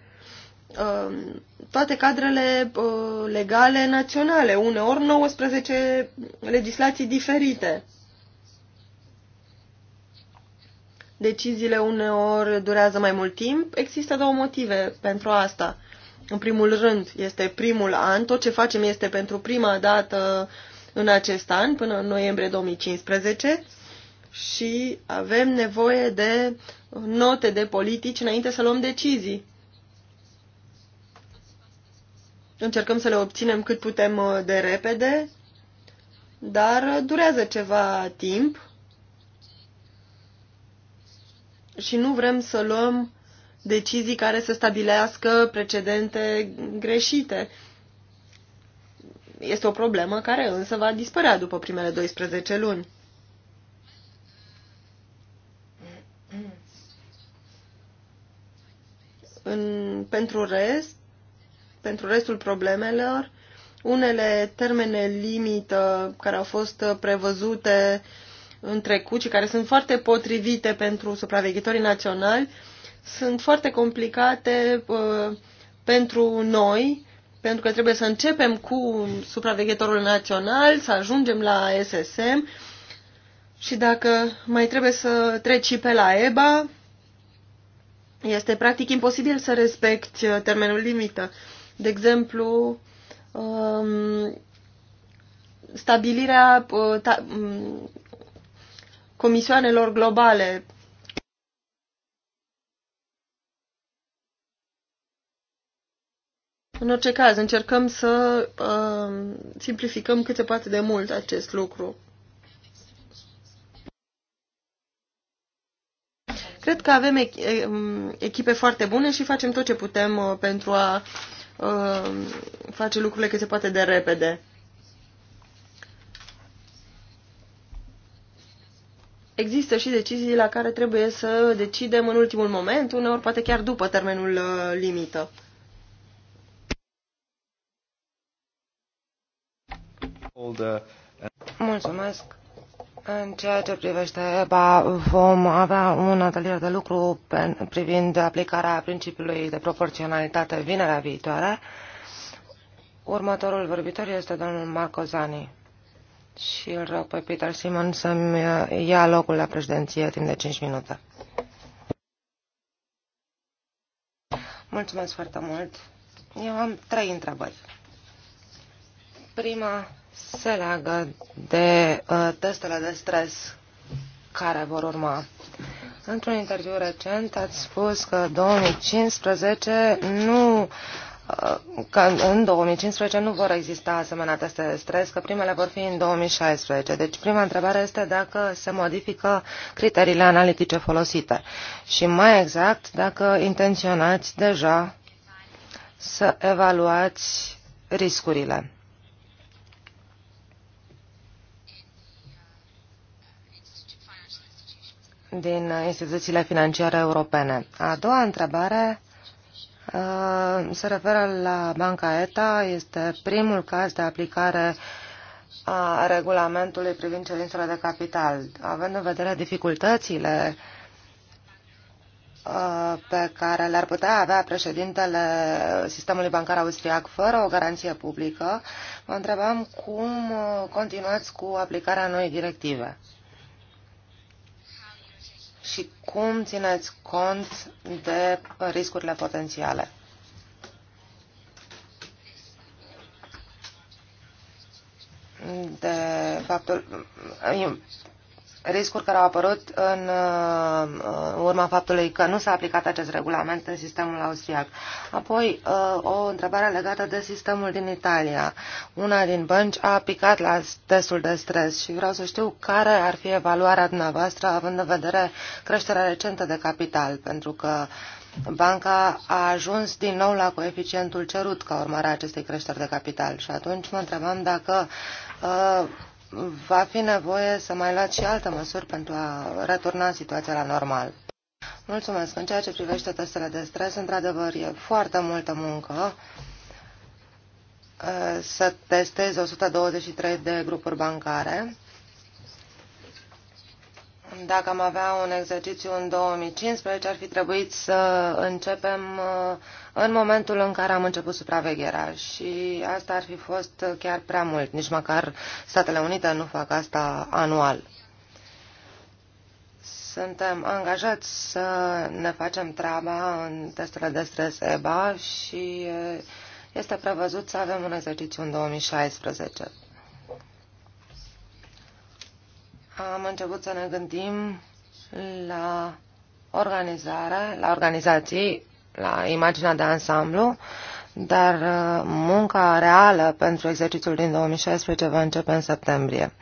um, toate cadrele uh, legale naționale, uneori 19 legislații diferite. Deciziile uneori durează mai mult timp. Există două motive pentru asta. În primul rând, este primul an, tot ce facem este pentru prima dată în acest an, până în noiembrie 2015 și avem nevoie de note de politici înainte să luăm decizii. Încercăm să le obținem cât putem uh, de repede, dar uh, durează ceva timp și nu vrem să luăm decizii care să stabilească precedente greșite. Este o problemă care însă va dispărea după primele 12 luni. în, pentru rest, pentru restul problemelor, unele termene limită care au fost prevăzute în trecut și care sunt foarte potrivite pentru supraveghetorii naționali, sunt foarte complicate uh, pentru noi, pentru că trebuie să începem cu supraveghetorul național, să ajungem la SSM și dacă mai trebuie să treci și pe la EBA, este practic imposibil să respecti uh, termenul limită. De exemplu, um, stabilirea uh, um, comisioanelor globale. În orice caz, încercăm să uh, simplificăm cât se poate de mult acest lucru. Cred că avem echipe foarte bune și facem tot ce putem uh, pentru a uh, face lucrurile cât se poate de repede. Există și decizii la care trebuie să decidem în ultimul moment, uneori poate chiar după termenul uh, limită. Mulțumesc în ceea ce privește EBA, vom avea un atelier de lucru privind aplicarea principiului de proporționalitate vinerea viitoare. Următorul vorbitor este domnul Marco Zani și îl rog pe Peter Simon să-mi ia locul la președinție timp de 5 minute. Mulțumesc foarte mult. Eu am trei întrebări. Prima se leagă de uh, testele de stres care vor urma. Într-un interviu recent ați spus că 2015 nu uh, că în 2015 nu vor exista asemenea teste de stres, că primele vor fi în 2016. Deci prima întrebare este dacă se modifică criteriile analitice folosite și mai exact dacă intenționați deja să evaluați riscurile din instituțiile financiare europene. A doua întrebare se referă la Banca ETA. Este primul caz de aplicare a regulamentului privind cerințele de capital. Având în vedere dificultățile pe care le-ar putea avea președintele sistemului bancar austriac fără o garanție publică, vă întrebam cum continuați cu aplicarea noii directive și cum țineți cont de riscurile potențiale. de faptul riscuri care au apărut uh, în urma faptului că nu s-a aplicat acest regulament în sistemul austriac. Apoi, uh, o întrebare legată de sistemul din Italia. Una din bănci a aplicat la testul de stres și vreau să știu care ar fi evaluarea dumneavoastră având în vedere creșterea recentă de capital, pentru că banca a ajuns din nou la coeficientul cerut ca urmare a acestei creșteri de capital. Și atunci mă întrebam dacă uh, va fi nevoie să mai luați și alte măsuri pentru a returna situația la normal. Mulțumesc. În ceea ce privește testele de stres, într-adevăr, e foarte multă muncă eh, să testezi 123 de grupuri bancare dacă am avea un exercițiu în 2015, ar fi trebuit să începem uh, în momentul în care am început supravegherea și asta ar fi fost chiar prea mult. Nici măcar Statele Unite nu fac asta anual. Suntem angajați să ne facem treaba în testele de stres EBA și uh, este prevăzut să avem un exercițiu în 2016. am început să ne gândim la organizare, la organizații, la imaginea de ansamblu, dar uh, munca reală pentru exercițiul din 2016 va începe în septembrie.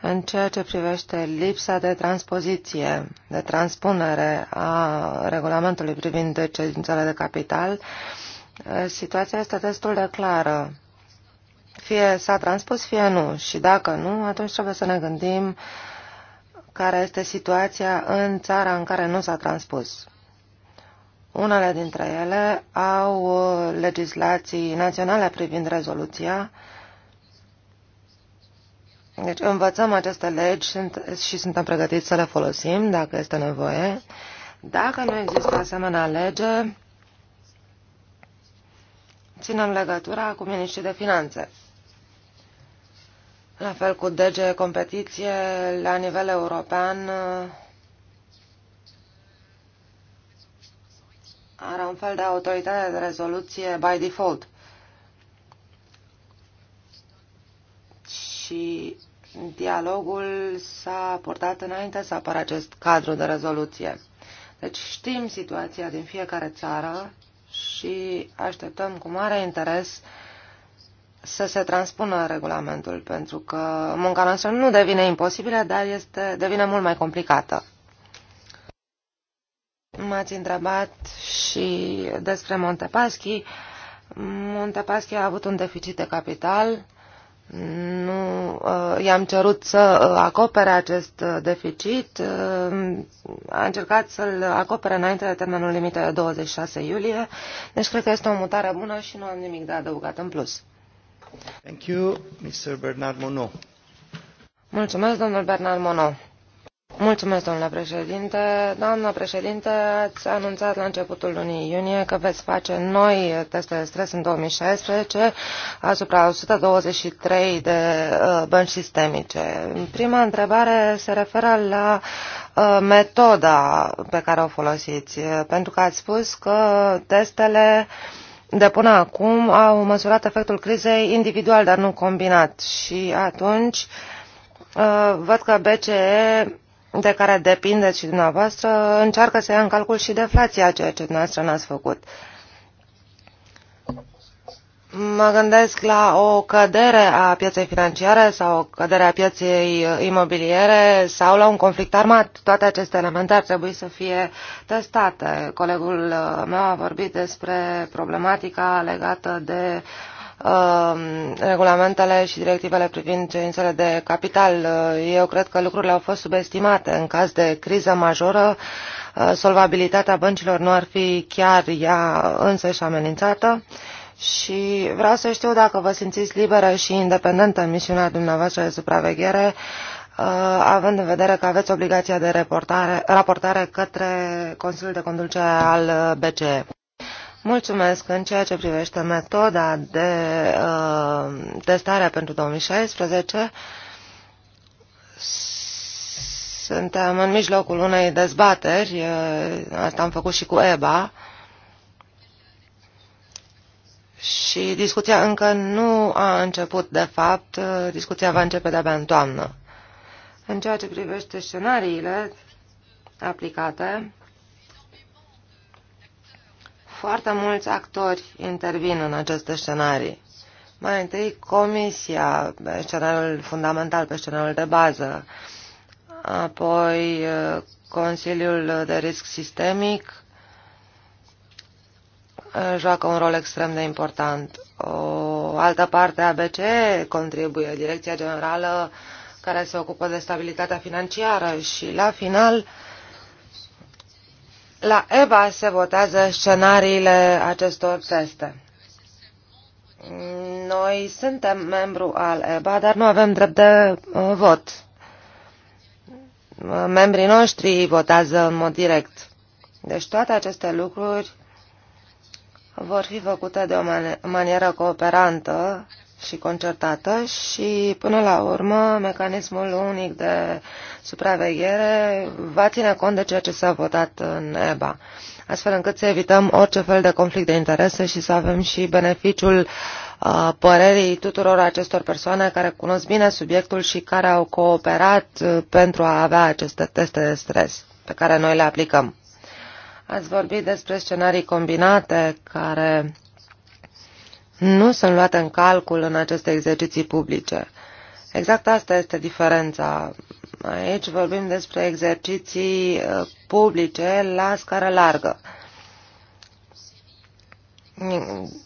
În ceea ce privește lipsa de transpoziție, de transpunere a regulamentului privind cerințele de capital, uh, situația este destul de clară. Fie s-a transpus, fie nu. Și dacă nu, atunci trebuie să ne gândim uh, care este situația în țara în care nu s-a transpus. Unele dintre ele au uh, legislații naționale privind rezoluția. Deci învățăm aceste legi și suntem pregătiți să le folosim dacă este nevoie. Dacă nu există asemenea lege, ținem legătura cu Ministrii de finanțe. La fel cu DG Competiție, la nivel european, are un fel de autoritate de rezoluție by default. Și dialogul s-a purtat înainte să apară acest cadru de rezoluție. Deci știm situația din fiecare țară și așteptăm cu mare interes uh, să se transpună regulamentul, pentru că munca noastră nu devine imposibilă, dar este, devine mult mai complicată. M-ați întrebat și despre Montepaschi. Montepaschi a avut un deficit de capital. Nu, uh, i-am cerut să uh, acopere acest uh, deficit. A încercat să-l acopere înainte de termenul limită de 26 iulie. Deci cred că este o mutare bună și nu am nimic de adăugat în plus. Mulțumesc, domnul Bernard Mulțumesc, domnule președinte. Doamnă președinte, ați anunțat la începutul lunii iunie că veți face noi teste de stres în 2016 asupra 123 de uh, bănci sistemice. Prima întrebare se referă la uh, metoda pe care o folosiți, pentru că ați spus că testele de până acum au măsurat efectul crizei individual, dar nu combinat. Și atunci uh, văd că BCE, de care depindeți și dumneavoastră, încearcă să ia în calcul și deflația, ceea ce dumneavoastră n-ați făcut. Uh, Mă gândesc la o cădere a pieței financiare sau o cădere a pieței uh, imobiliere sau la un conflict armat. Toate aceste elemente ar trebui să fie testate. Colegul uh, meu a vorbit despre problematica legată de uh, regulamentele și directivele privind cerințele de capital. Uh, eu cred că lucrurile au fost subestimate. În caz de criză majoră, solvabilitatea băncilor nu ar fi chiar ea și amenințată. Uh, și vreau să știu dacă vă simțiți liberă și independentă în misiunea dumneavoastră de supraveghere, uh, având în vedere că aveți obligația de raportare, raportare către Consiliul de Conducere al uh, BCE. Mulțumesc. În ceea ce privește metoda de uh, testare pentru 2016, suntem în mijlocul unei dezbateri, uh, asta am făcut și cu EBA, și discuția încă nu a început, de fapt, discuția va începe de-abia în toamnă. În ceea ce privește scenariile aplicate, foarte mulți actori intervin în aceste scenarii. Mai întâi, comisia, pe scenariul fundamental, pe scenariul de bază, apoi eh, Consiliul de Risc Sistemic, Uh, joacă un rol extrem de important. O altă parte a BCE contribuie, Direcția Generală care se ocupă de stabilitatea financiară și la final la EBA se votează scenariile acestor teste. Noi suntem membru al EBA, dar nu avem drept de uh, vot. Membrii noștri votează în mod direct. Deci toate aceste lucruri vor fi făcute de o man manieră cooperantă și concertată și, până la urmă, mecanismul unic de supraveghere va ține cont de ceea ce s-a votat în EBA, astfel încât să evităm orice fel de conflict de interese și să avem și beneficiul uh, părerii tuturor acestor persoane care cunosc bine subiectul și care au cooperat uh, pentru a avea aceste teste de stres pe care noi le aplicăm. Ați vorbit despre scenarii combinate care nu sunt luate în calcul în aceste exerciții publice. Exact asta este diferența. Aici vorbim despre exerciții uh, publice la scară largă.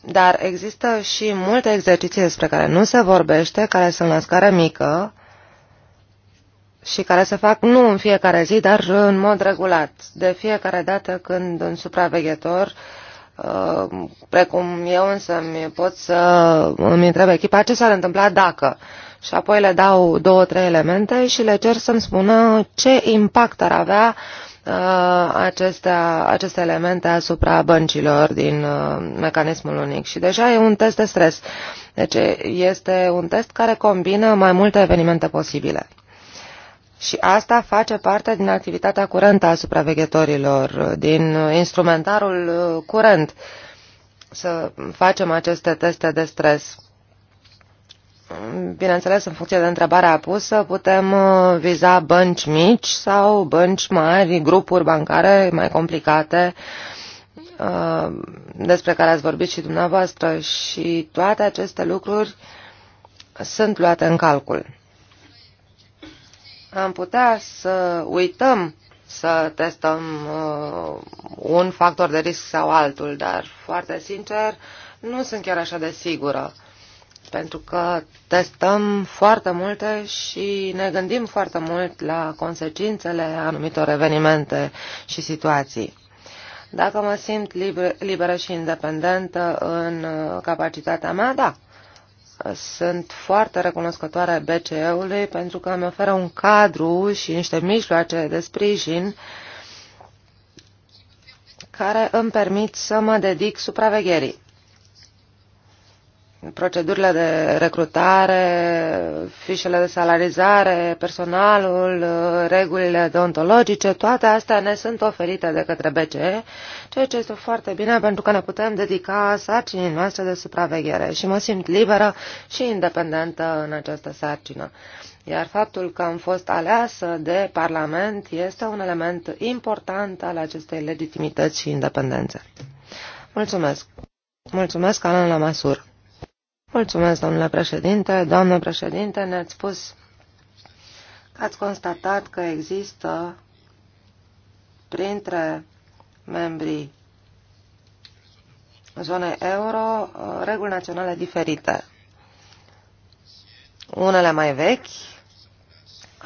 Dar există și multe exerciții despre care nu se vorbește, care sunt la scară mică și care se fac nu în fiecare zi, dar în mod regulat. De fiecare dată când un supraveghetor, uh, precum eu însă pot să îmi întreb echipa ce s-ar întâmpla dacă și apoi le dau două, trei elemente și le cer să-mi spună ce impact ar avea uh, aceste, aceste elemente asupra băncilor din uh, mecanismul unic. Și deja e un test de stres. Deci este un test care combină mai multe evenimente posibile. Și asta face parte din activitatea curentă a supraveghetorilor, din instrumentarul uh, curent, să facem aceste teste de stres. Bineînțeles, în funcție de întrebarea pusă, putem uh, viza bănci mici sau bănci mari, grupuri bancare mai complicate, uh, despre care ați vorbit și dumneavoastră și toate aceste lucruri sunt luate în calcul am putea să uităm să testăm uh, un factor de risc sau altul, dar foarte sincer nu sunt chiar așa de sigură, pentru că testăm foarte multe și ne gândim foarte mult la consecințele anumitor evenimente și situații. Dacă mă simt liber, liberă și independentă în uh, capacitatea mea, da, sunt foarte recunoscătoare BCE-ului pentru că îmi oferă un cadru și niște mijloace de sprijin care îmi permit să mă dedic supravegherii procedurile de recrutare, fișele de salarizare, personalul, uh, regulile deontologice, toate astea ne sunt oferite de către BCE, ceea ce este foarte bine pentru că ne putem dedica sarcinii noastre de supraveghere și mă simt liberă și independentă în această sarcină. Iar faptul că am fost aleasă de Parlament este un element important al acestei legitimități și independențe. Mulțumesc! Mulțumesc, Alan Lamasur! Mulțumesc, domnule președinte. Doamnă președinte, ne-ați spus că ați constatat că există printre membrii zonei euro uh, reguli naționale diferite. Unele mai vechi,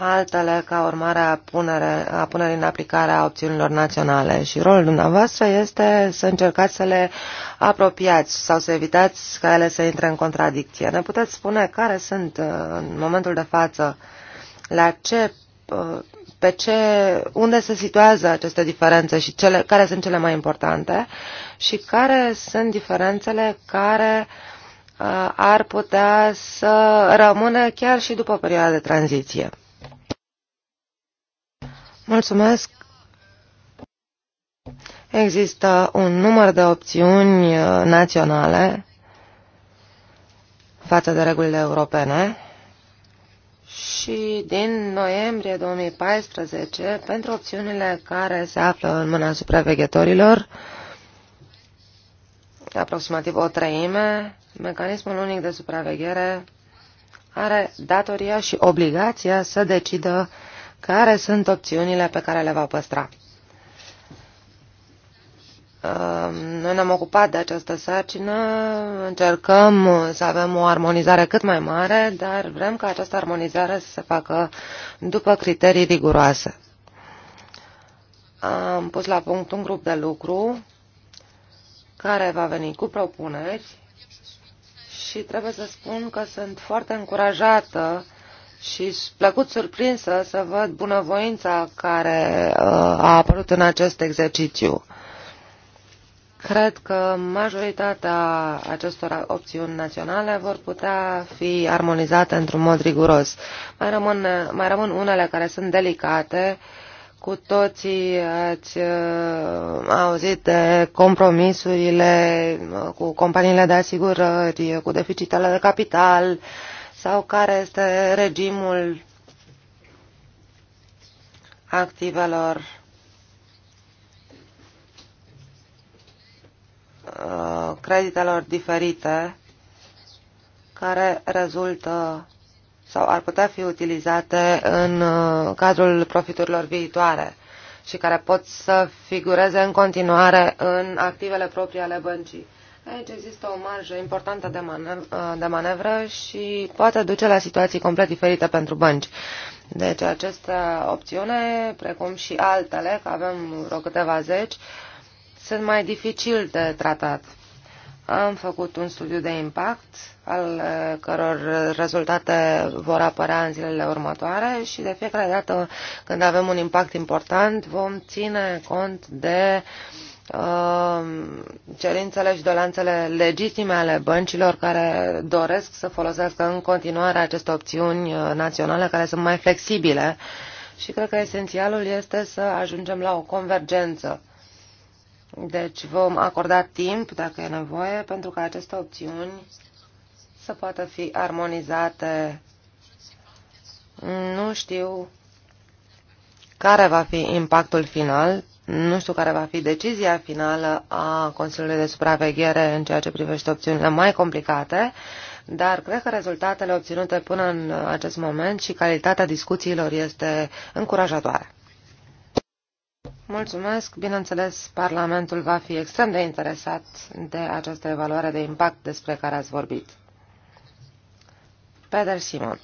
altele ca urmare a, punere, a punerii în aplicare a opțiunilor naționale și rolul dumneavoastră este să încercați să le apropiați sau să evitați ca ele să intre în contradicție. Ne puteți spune care sunt uh, în momentul de față, la ce, uh, pe ce, unde se situează aceste diferențe și cele, care sunt cele mai importante și care sunt diferențele care uh, ar putea să rămână chiar și după perioada de tranziție. Mulțumesc. Există un număr de opțiuni uh, naționale față de regulile europene și din noiembrie 2014, pentru opțiunile care se află în mâna supraveghetorilor, aproximativ o treime, mecanismul unic de supraveghere are datoria și obligația să decidă care sunt opțiunile pe care le va păstra. Noi ne-am ocupat de această sarcină, încercăm să avem o armonizare cât mai mare, dar vrem ca această armonizare să se facă după criterii riguroase. Am pus la punct un grup de lucru care va veni cu propuneri și trebuie să spun că sunt foarte încurajată și plăcut surprinsă să văd bunăvoința care uh, a apărut în acest exercițiu. Cred că majoritatea acestor opțiuni naționale vor putea fi armonizate într-un mod riguros. Mai rămân, mai rămân unele care sunt delicate. Cu toții ați uh, auzit de compromisurile uh, cu companiile de asigurări, cu deficitele de capital, uh, sau care este regimul activelor uh, creditelor diferite care rezultă sau ar putea fi utilizate în uh, cadrul profiturilor viitoare și care pot să figureze în continuare în activele proprii ale băncii. Aici există o marjă importantă de, manev- de manevră și poate duce la situații complet diferite pentru bănci. Deci această opțiune, precum și altele, că avem vreo câteva zeci, sunt mai dificil de tratat. Am făcut un studiu de impact, al eh, căror rezultate vor apărea în zilele următoare și de fiecare dată când avem un impact important vom ține cont de uh, Um, cerințele și dolanțele legitime ale băncilor care doresc să folosească în continuare aceste opțiuni uh, naționale care sunt mai flexibile și cred că esențialul este să ajungem la o convergență. Deci vom acorda timp, dacă e nevoie, pentru ca aceste opțiuni să poată fi armonizate. Nu știu care va fi impactul final, nu știu care va fi decizia finală a Consiliului de Supraveghere în ceea ce privește opțiunile mai complicate, dar cred că rezultatele obținute până în acest moment și calitatea discuțiilor este încurajatoare. Mulțumesc. Bineînțeles, Parlamentul va fi extrem de interesat de această evaluare de impact despre care ați vorbit. Peter Simon.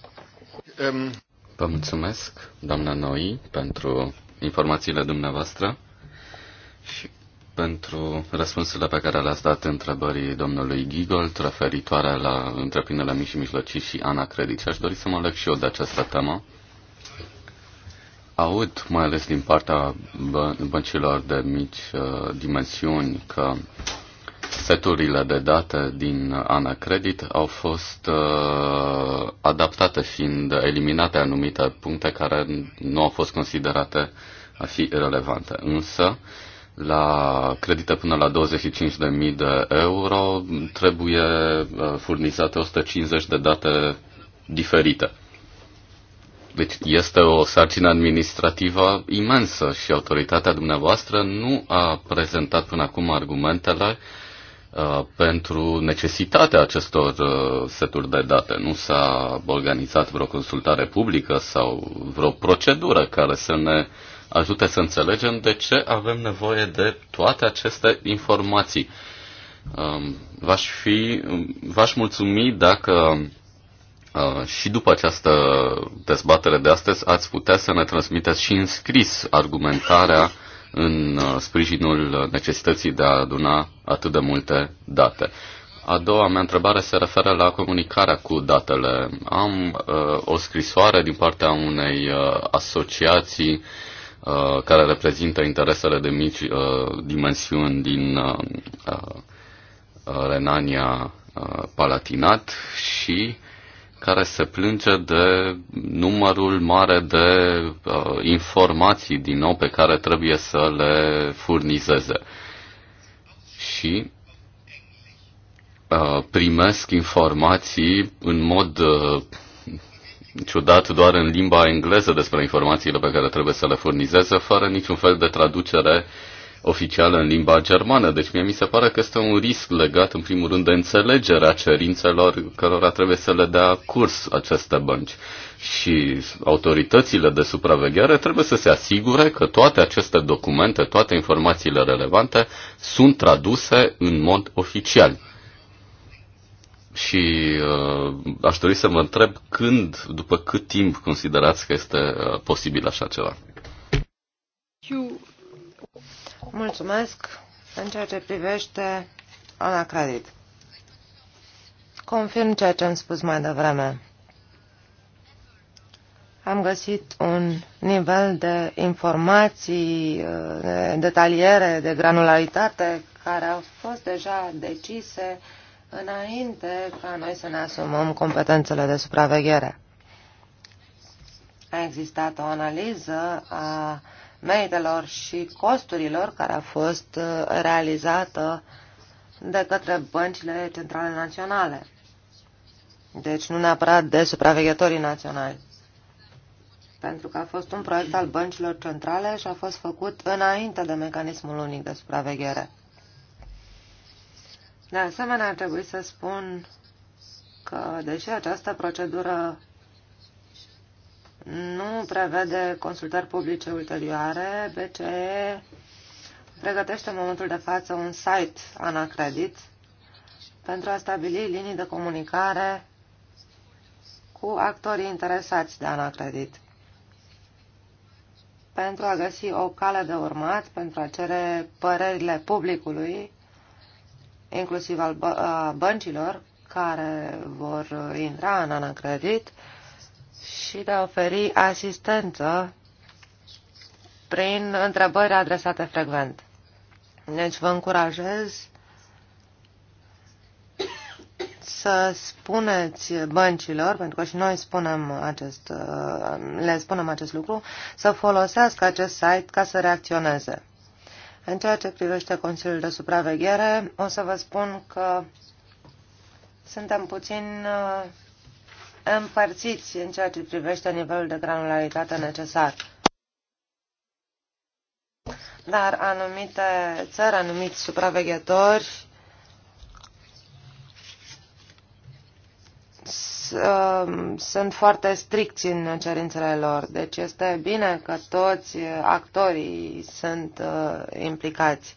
Vă mulțumesc, doamna Noi, pentru informațiile dumneavoastră și pentru răspunsurile pe care le-ați dat întrebării domnului Gigol, referitoare la întreprinderile mici și mijlocii și Ana Credit. aș dori să mă leg și eu de această temă. Aud, mai ales din partea băncilor de mici uh, dimensiuni, că seturile de date din Ana Credit au fost uh, adaptate, fiind eliminate anumite puncte care nu au fost considerate a fi relevante. Însă, uh, la credite până la 25.000 de euro trebuie uh, furnizate 150 de date diferite. Deci este o sarcină administrativă imensă și autoritatea dumneavoastră nu a prezentat până acum argumentele uh, pentru necesitatea acestor uh, seturi de date. Nu s-a organizat vreo consultare publică sau vreo procedură care să ne uh, ajute să înțelegem de ce avem nevoie de toate aceste informații. Um, v-aș, fi, um, v-aș mulțumi dacă uh, și după această dezbatere de astăzi ați putea să ne transmiteți și în scris argumentarea în uh, sprijinul necesității de a aduna atât de multe date. A doua mea întrebare se referă la comunicarea cu datele. Am uh, o scrisoare din partea unei uh, asociații Uh, care reprezintă interesele de mici uh, dimensiuni din uh, uh, uh, Renania uh, Palatinat și care se plânge de numărul mare de uh, informații din nou pe care trebuie să le furnizeze. Și uh, primesc informații în mod uh, ciudat doar în limba engleză despre informațiile pe care trebuie să le furnizeze, fără niciun fel de traducere oficială în limba germană. Deci mie mi se pare că este un risc legat în primul rând de înțelegerea cerințelor cărora trebuie să le dea curs aceste bănci. Și autoritățile de supraveghere trebuie să se asigure că toate aceste documente, toate informațiile relevante sunt traduse în mod oficial și uh, aș dori să mă întreb când, după cât timp considerați că este uh, posibil așa ceva. Mulțumesc în ceea ce privește Ana Credit. Confirm ceea ce am spus mai devreme. Am găsit un nivel de informații uh, de detaliere, de granularitate, care au fost deja decise uh, înainte ca noi să ne asumăm competențele de supraveghere. A existat o analiză a meritelor și costurilor care a fost uh, realizată de către băncile centrale naționale. Deci nu neapărat de supraveghetorii naționali. Pentru că a fost un proiect al băncilor centrale și a fost făcut înainte de mecanismul unic de supraveghere. De asemenea, ar trebui să spun că, deși această procedură nu prevede consultări publice ulterioare, BCE pregătește în momentul de față un site Anacredit pentru a stabili linii de comunicare cu actorii interesați de Anacredit pentru a găsi o cale de urmat, pentru a cere părerile publicului inclusiv al bă a băncilor care vor intra în anacredit și de a oferi asistență prin întrebări adresate frecvent. Deci vă încurajez să spuneți băncilor, pentru că și noi spunem acest, le spunem acest lucru, să folosească acest site ca să reacționeze. În ceea ce privește Consiliul de Supraveghere, o să vă spun că suntem puțin uh, împărțiți în ceea ce privește nivelul de granularitate necesar. Dar anumite țări, anumiți supraveghetori Um, sunt foarte stricți în cerințele lor, deci este bine că toți actorii sunt uh, implicați.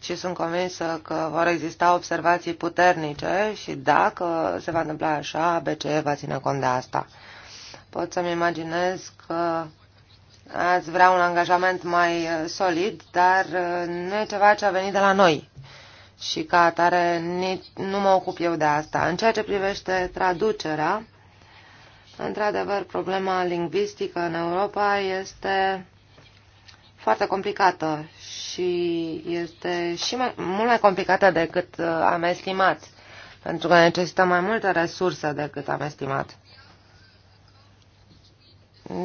Și sunt convinsă că vor exista observații puternice și dacă se va întâmpla așa, BCE va ține cont de asta. Pot să-mi imaginez că ați vrea un angajament mai uh, solid, dar uh, nu e ceva ce a venit de la noi și ca atare nu mă ocup eu de asta. În ceea ce privește traducerea, într-adevăr, problema lingvistică în Europa este foarte complicată și este și mai, mult mai complicată decât uh, am estimat, pentru că necesită mai multe resurse decât am estimat.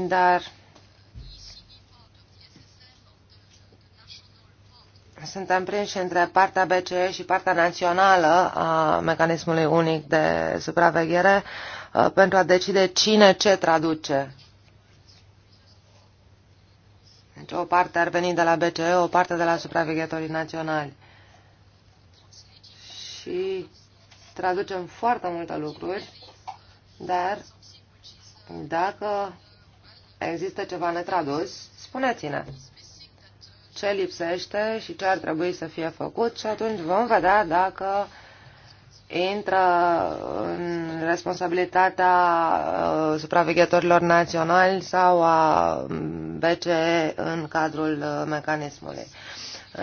Dar suntem prinși între partea BCE și partea națională a mecanismului unic de supraveghere uh, pentru a decide cine ce traduce. Deci o parte ar veni de la BCE, o parte de la supraveghetorii naționali. Și traducem foarte multe lucruri, dar dacă există ceva netradus, spuneți-ne ce lipsește și ce ar trebui să fie făcut și atunci vom vedea dacă intră în responsabilitatea uh, supraveghetorilor naționali sau a um, BCE în cadrul uh, mecanismului.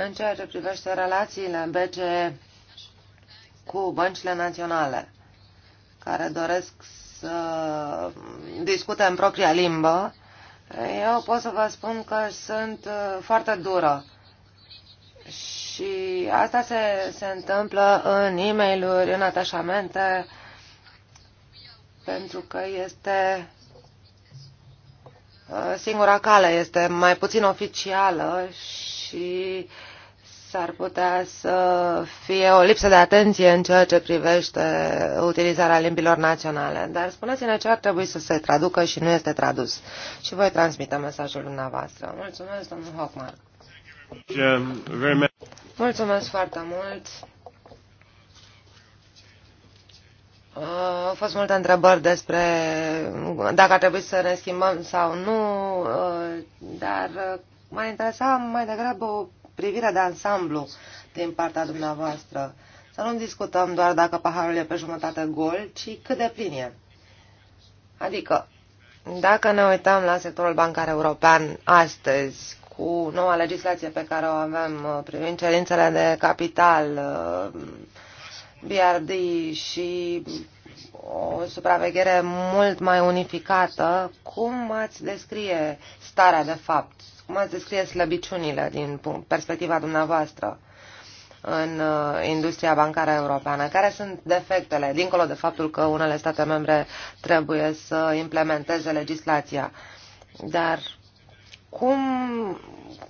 În ceea ce privește relațiile BCE cu băncile naționale, care doresc să discute în propria limbă, eu pot să vă spun că sunt uh, foarte dură. Și asta se, se întâmplă în e mail în atașamente, pentru că este uh, singura cale, este mai puțin oficială și s-ar putea să fie o lipsă de atenție în ceea ce privește utilizarea limbilor naționale, dar spuneți-ne ce ar trebui să se traducă și nu este tradus. Și voi transmite mesajul dumneavoastră. Mulțumesc, domnul Hockman. Mulțumesc foarte mult. Au fost multe întrebări despre dacă ar trebui să ne schimbăm sau nu, dar m-a interesat mai degrabă privirea de ansamblu din partea dumneavoastră. Să nu discutăm doar dacă paharul e pe jumătate gol, ci cât de plin e. Adică, dacă ne uităm la sectorul bancar european astăzi, cu noua legislație pe care o avem uh, privind cerințele de capital, uh, BRD și o supraveghere mult mai unificată, cum ați descrie starea de fapt? cum ați descrie slăbiciunile din perspectiva dumneavoastră în uh, industria bancară europeană? Care sunt defectele, dincolo de faptul că unele state membre trebuie să implementeze legislația? Dar cum,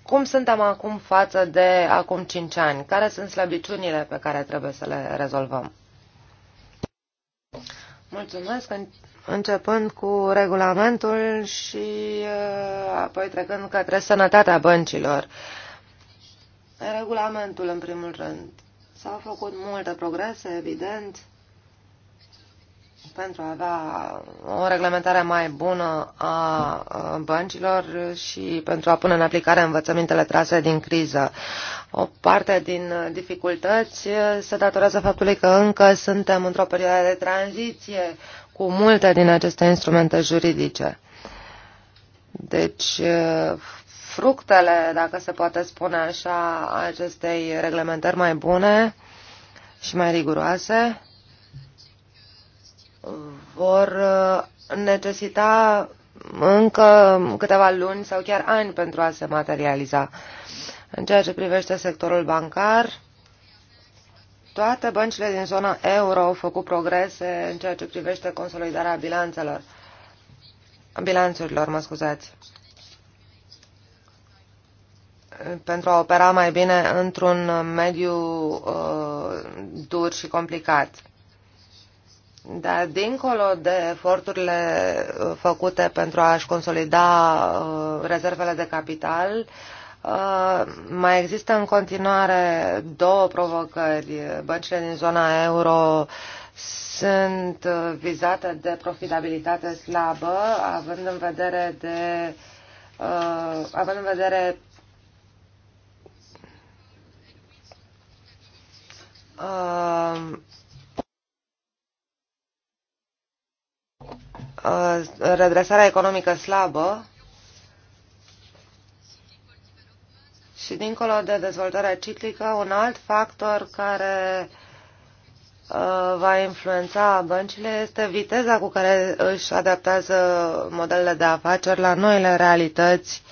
cum suntem acum față de acum 5 ani? Care sunt slăbiciunile pe care trebuie să le rezolvăm? Mulțumesc. Începând cu regulamentul și uh, apoi trecând către sănătatea băncilor. Regulamentul, în primul rând. S-au făcut multe progrese, evident pentru a avea o reglementare mai bună a băncilor și pentru a pune în aplicare învățămintele trase din criză. O parte din dificultăți se datorează faptului că încă suntem într-o perioadă de tranziție cu multe din aceste instrumente juridice. Deci, fructele, dacă se poate spune așa, acestei reglementări mai bune și mai riguroase vor uh, necesita încă câteva luni sau chiar ani pentru a se materializa. În ceea ce privește sectorul bancar, toate băncile din zona euro au făcut progrese în ceea ce privește consolidarea bilanțelor, bilanțurilor, mă scuzați, pentru a opera mai bine într-un mediu uh, dur și complicat. Dar dincolo de eforturile uh, făcute pentru a-și consolida uh, rezervele de capital, uh, mai există în continuare două provocări. Băncile din zona euro sunt vizate de profitabilitate slabă, având în vedere de având în vedere uh, Uh, redresarea economică slabă și dincolo de dezvoltarea ciclică, un alt factor care uh, va influența băncile este viteza cu care își adaptează modelele de afaceri la noile realități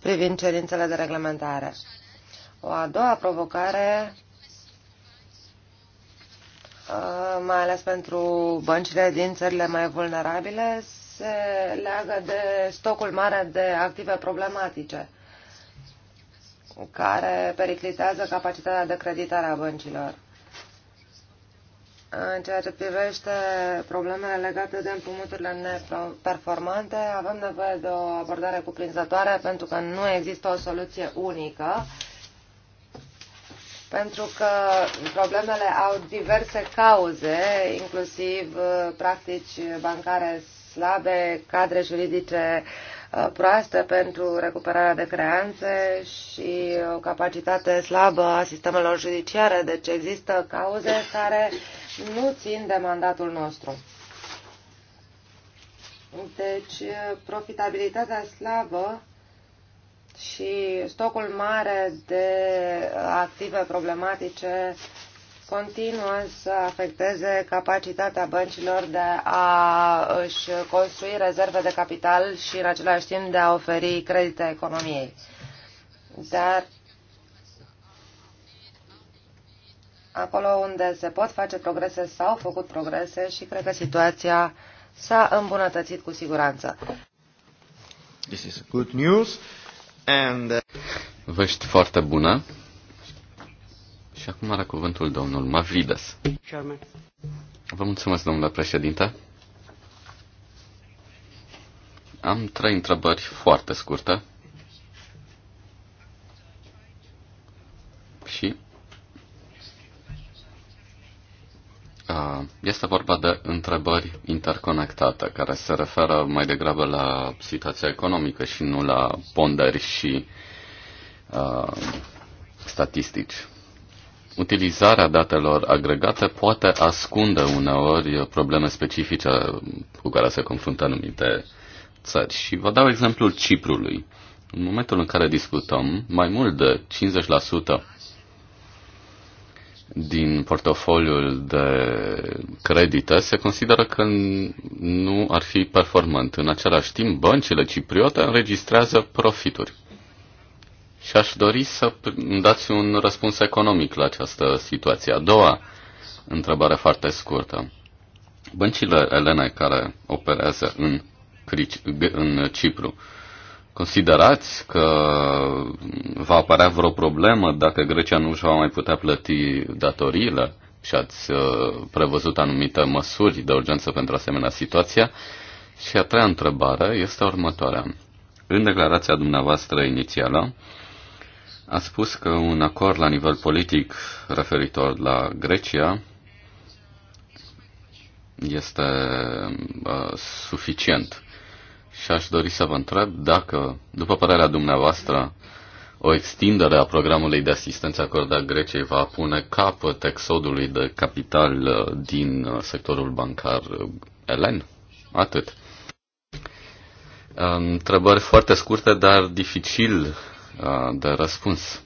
privind cerințele de reglementare. O a doua provocare Uh, mai ales pentru băncile din țările mai vulnerabile, se leagă de stocul mare de active problematice care periclitează capacitatea de creditare a băncilor. În ceea ce privește problemele legate de împrumuturile neperformante, avem nevoie de o abordare cuprinzătoare pentru că nu există o soluție unică pentru că problemele au diverse cauze, inclusiv uh, practici bancare slabe, cadre juridice uh, proaste pentru recuperarea de creanțe și o capacitate slabă a sistemelor judiciare. Deci există cauze care nu țin de mandatul nostru. Deci uh, profitabilitatea slabă și stocul mare de active problematice continuă să afecteze capacitatea băncilor de a își construi rezerve de capital și în același timp de a oferi credite economiei. Dar acolo unde se pot face progrese s-au făcut progrese și cred că situația s-a îmbunătățit cu siguranță. This is good news. And... Uh, Vești foarte bună. Și acum are cuvântul domnul Mavrides. Vă mulțumesc, domnule președinte. Am trei întrebări foarte scurte. Și Este vorba de întrebări interconectate, care se referă mai degrabă la situația economică și nu la ponderi și uh, statistici. Utilizarea datelor agregate poate ascunde uneori probleme specifice cu care se confruntă anumite țări. Și vă dau exemplul Ciprului. În momentul în care discutăm, mai mult de 50% din portofoliul de credite se consideră că nu ar fi performant. În același timp, băncile cipriote înregistrează profituri. Și aș dori să dați un răspuns economic la această situație. A doua întrebare foarte scurtă. Băncile Elena care operează în, în Cipru, Considerați că va apărea vreo problemă dacă Grecia nu își va mai putea plăti datoriile și ați uh, prevăzut anumite măsuri de urgență pentru asemenea situație? Și a treia întrebare este următoarea. În declarația dumneavoastră inițială, a spus că un acord la nivel politic referitor la Grecia este uh, suficient și aș dori să vă întreb dacă, după părerea dumneavoastră, o extindere a programului de asistență acordat Greciei va pune capăt exodului de capital uh, din uh, sectorul bancar uh, elen? Atât. Întrebări foarte scurte, dar dificil de răspuns.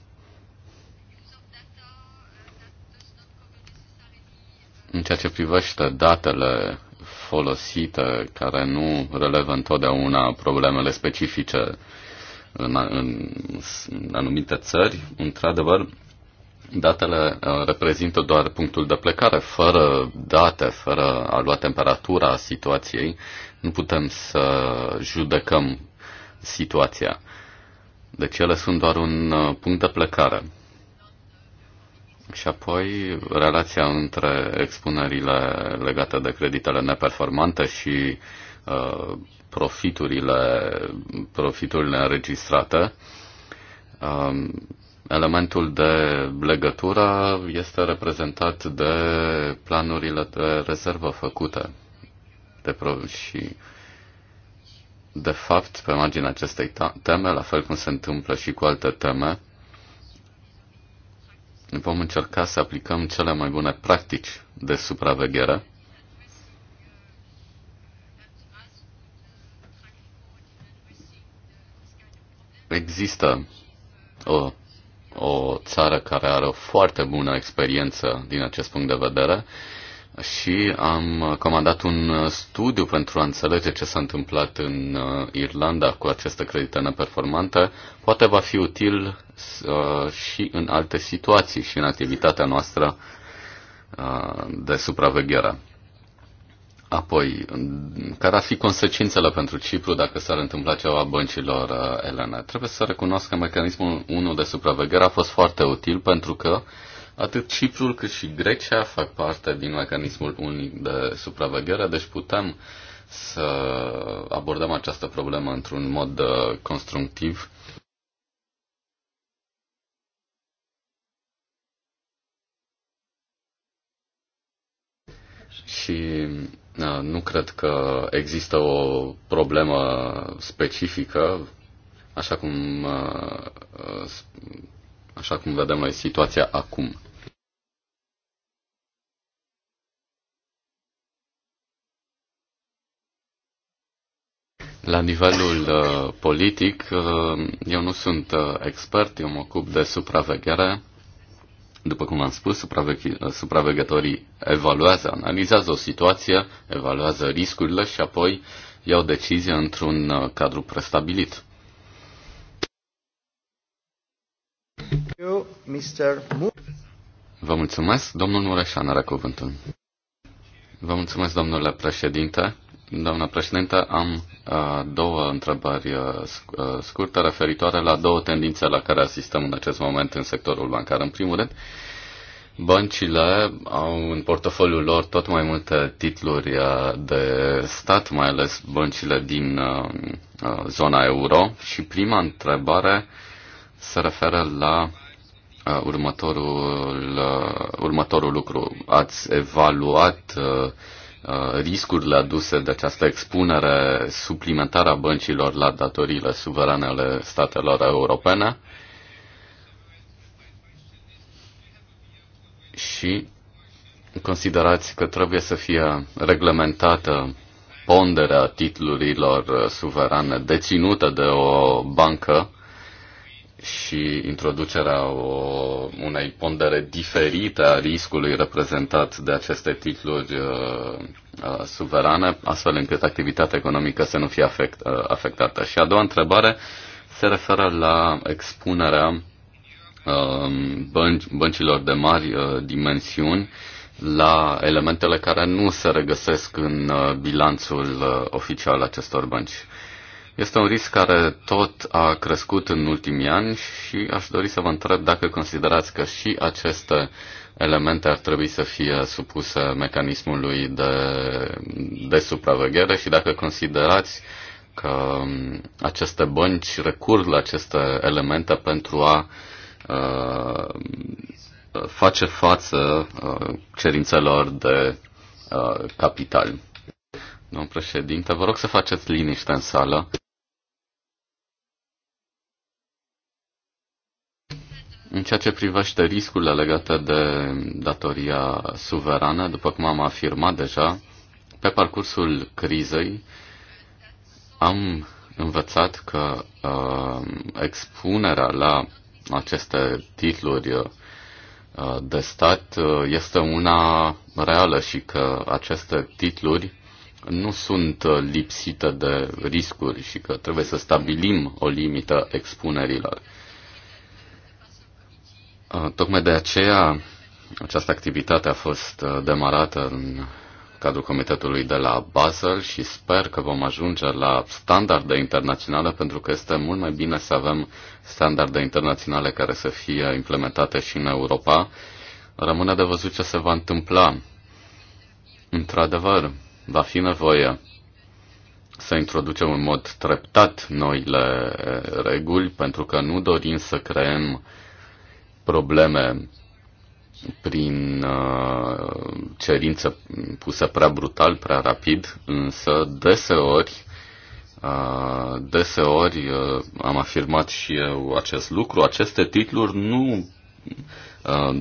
În ceea ce privește datele folosită care nu relevă întotdeauna problemele specifice în, în, în anumite țări, într-adevăr, datele uh, reprezintă doar punctul de plecare. Fără date, fără a lua temperatura situației, nu putem să judecăm situația. Deci ele sunt doar un uh, punct de plecare. Și apoi relația între expunerile legate de creditele neperformante și uh, profiturile, profiturile înregistrate. Uh, elementul de legătură este reprezentat de planurile de rezervă făcute de pro- și de fapt, pe marginea acestei teme, la fel cum se întâmplă și cu alte teme, vom încerca să aplicăm cele mai bune practici de supraveghere există o, o țară care are o foarte bună experiență din acest punct de vedere și am comandat un uh, studiu pentru a înțelege ce s-a întâmplat în uh, Irlanda cu această credită neperformante. Poate va fi util uh, și în alte situații și în activitatea noastră de supraveghere. Apoi, care ar fi consecințele pentru Cipru dacă s-ar întâmpla ceva băncilor Elena? Trebuie să recunosc că mecanismul 1 de supraveghere a fost foarte util pentru că uh, Atât Ciprul cât și Grecia fac parte din mecanismul unic de supraveghere, deci putem să abordăm această problemă într-un mod uh, constructiv. Și uh, nu cred că există o problemă specifică, așa cum uh, așa cum vedem noi situația acum. La nivelul uh, politic, uh, eu nu sunt uh, expert, eu mă ocup de supraveghere. După cum am spus, supraveghe- uh, supraveghetorii evaluează, analizează o situație, evaluează riscurile și apoi iau decizie într-un uh, cadru prestabilit. Vă mulțumesc. Domnul Mureșan are cuvântul. Vă mulțumesc, domnule președinte. Doamna președinte, am uh, două întrebări uh, uh, scurte referitoare la două tendințe la care asistăm în acest moment în sectorul bancar. În primul rând, băncile au în portofoliul lor tot mai multe titluri uh, de stat, mai ales băncile din uh, uh zona euro. Și prima întrebare uh, se referă la uh, următorul, uh, următorul lucru. Ați evaluat uh, uh, riscurile aduse de această expunere suplimentară a băncilor la datoriile suverane ale statelor europene? Și considerați că trebuie să fie reglementată ponderea titlurilor suverane deținută de o bancă și introducerea o, unei pondere diferite a riscului reprezentat de aceste titluri uh, uh, suverane, astfel încât activitatea economică să nu fie afect, uh, afectată. Și a doua întrebare se referă la expunerea uh, bănci, băncilor de mari uh, dimensiuni la elementele care nu se regăsesc în uh, bilanțul uh, oficial acestor bănci. Uh, este un risc care tot a crescut în ultimii ani și aș dori să vă întreb dacă considerați că și aceste elemente ar trebui să fie supuse mecanismului de, de supraveghere și dacă considerați că um, aceste bănci recurg la aceste elemente pentru a uh, face față uh, cerințelor de uh, capital. Domnul președinte, vă rog să faceți liniște în sală. În ceea ce privește riscurile legate de datoria suverană, după cum am afirmat deja, pe parcursul crizei am învățat că uh, expunerea la aceste titluri uh, de stat uh, este una reală și că aceste titluri nu sunt uh, lipsite de riscuri și că trebuie să stabilim o limită expunerilor. Uh, Tocmai de aceea această activitate a fost demarată în cadrul comitetului de la Basel și sper că vom ajunge la standarde internaționale pentru că este mult mai bine să avem standarde internaționale care să fie implementate și în Europa. Rămâne de văzut ce se va întâmpla. Într-adevăr, va fi nevoie să introducem în mod treptat noile reguli pentru că nu dorim să creăm uh, probleme prin uh, cerință pusă prea brutal, prea rapid, însă deseori uh, deseori uh, am afirmat și eu acest lucru, aceste titluri nu,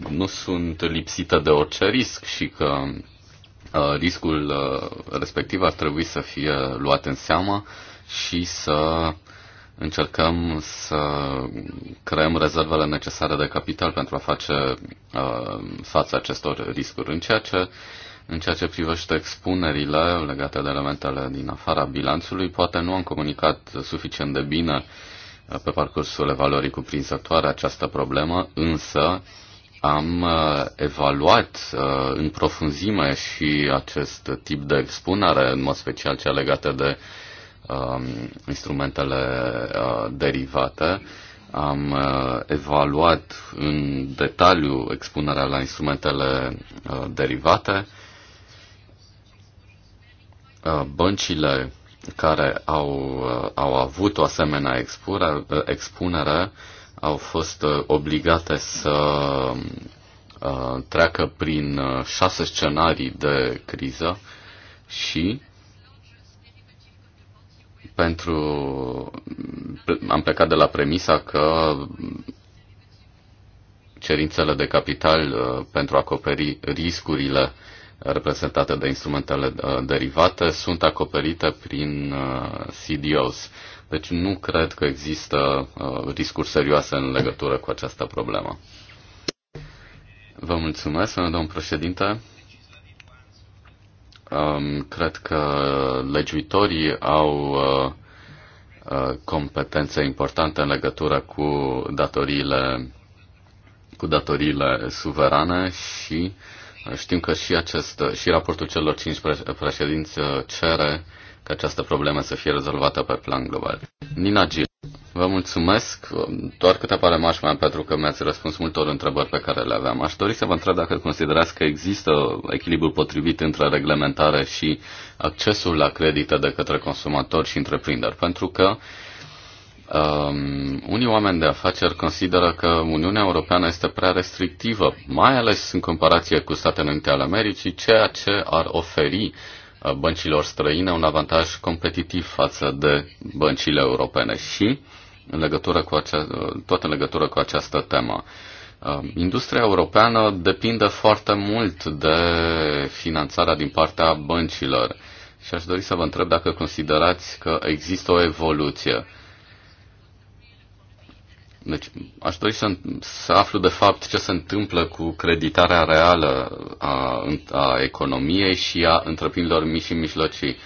nu sunt lipsite de orice risc și că riscul respectiv ar trebui să fie luat în seamă și să încercăm să creăm rezervele necesare de capital pentru a face uh, față acestor riscuri. În ceea ce în ceea ce privește expunerile legate de elementele din afara bilanțului, poate nu am comunicat suficient de bine uh, pe parcursul evaluării cuprinzătoare această problemă, însă am uh, evaluat uh, în profunzime și acest tip de expunere, în mod special cea legată de uh, Um, instrumentele uh, derivate. Am uh, evaluat în detaliu expunerea la instrumentele uh, derivate. Băncile care au, au avut o asemenea expunere, expunere au fost obligate să treacă prin șase scenarii de criză și pentru am plecat de la premisa că cerințele de capital uh, pentru a acoperi riscurile reprezentate de instrumentele uh, derivate sunt acoperite prin uh, CDOs. Deci nu cred că există riscuri serioase în legătură cu această problemă. Vă mulțumesc, domnul președinte. Um, cred că legiuitorii au uh, uh, competențe importante în legătură cu datoriile, cu datoriile suverane și uh, știm că și, acest, și raportul celor cinci președinți cere că această problemă să fie rezolvată pe plan global. Nina Gil. Vă mulțumesc. Doar câteva remarci mai pentru că mi-ați răspuns multor întrebări pe care le aveam. Aș dori să vă întreb dacă considerați că există echilibru potrivit între reglementare și accesul la credite de către consumatori și întreprinderi. Pentru că Um, unii oameni de afaceri consideră că Uniunea Europeană este prea restrictivă, mai ales în comparație cu Statele Unite ale Americii, ceea ce ar oferi uh, băncilor străine un avantaj competitiv față de băncile europene și în legătură cu acea, tot în legătură cu această temă. Um, industria europeană depinde foarte mult de finanțarea din partea băncilor și aș dori să vă întreb dacă considerați că există o evoluție. Deci aș dori să, să aflu de fapt ce se întâmplă cu creditarea reală a, a economiei și a întreprinderilor mici și mijlocii.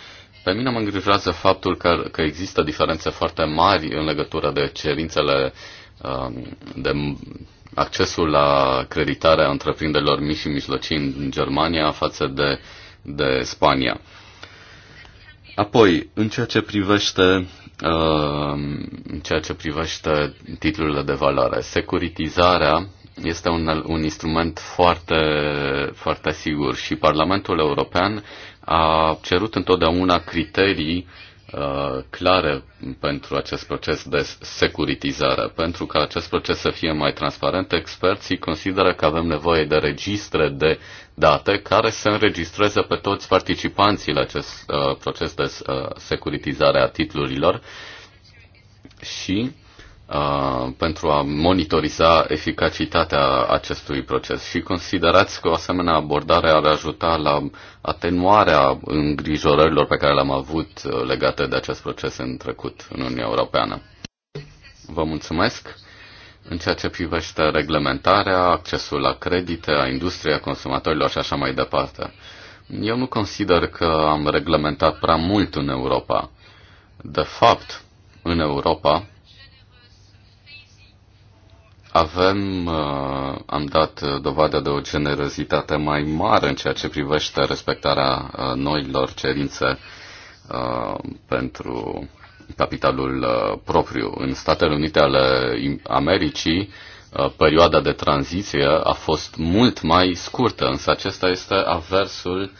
Pe mine mă îngrijează faptul că, că există diferențe foarte mari în legătură de cerințele um, de accesul la creditarea întreprinderilor mici și mijlocii în Germania față de, de Spania. Apoi, în ceea ce privește um, în ceea ce privește titlurile de valoare. Securitizarea este un, un instrument foarte, foarte sigur și Parlamentul European a cerut întotdeauna criterii uh, clare pentru acest proces de securitizare. Pentru ca acest proces să fie mai transparent, experții consideră că avem nevoie de registre de date care să înregistreze pe toți participanții la acest uh, proces de uh, securitizare a titlurilor și Uh, pentru a monitoriza eficacitatea acestui proces și considerați că o asemenea abordare ar ajuta la atenuarea îngrijorărilor pe care le-am avut uh, legate de acest proces în trecut în Uniunea Europeană. Vă mulțumesc. În ceea ce privește reglementarea, accesul la credite, a industriei, a consumatorilor și așa mai departe. Eu nu consider că am reglementat prea mult în Europa. De fapt, în Europa, avem, uh, am dat uh, dovadă de o generozitate mai mare în ceea ce privește respectarea uh, noilor cerințe pentru capitalul propriu. În Statele Unite ale Americii, perioada de tranziție a fost mult mai scurtă, însă acesta este aversul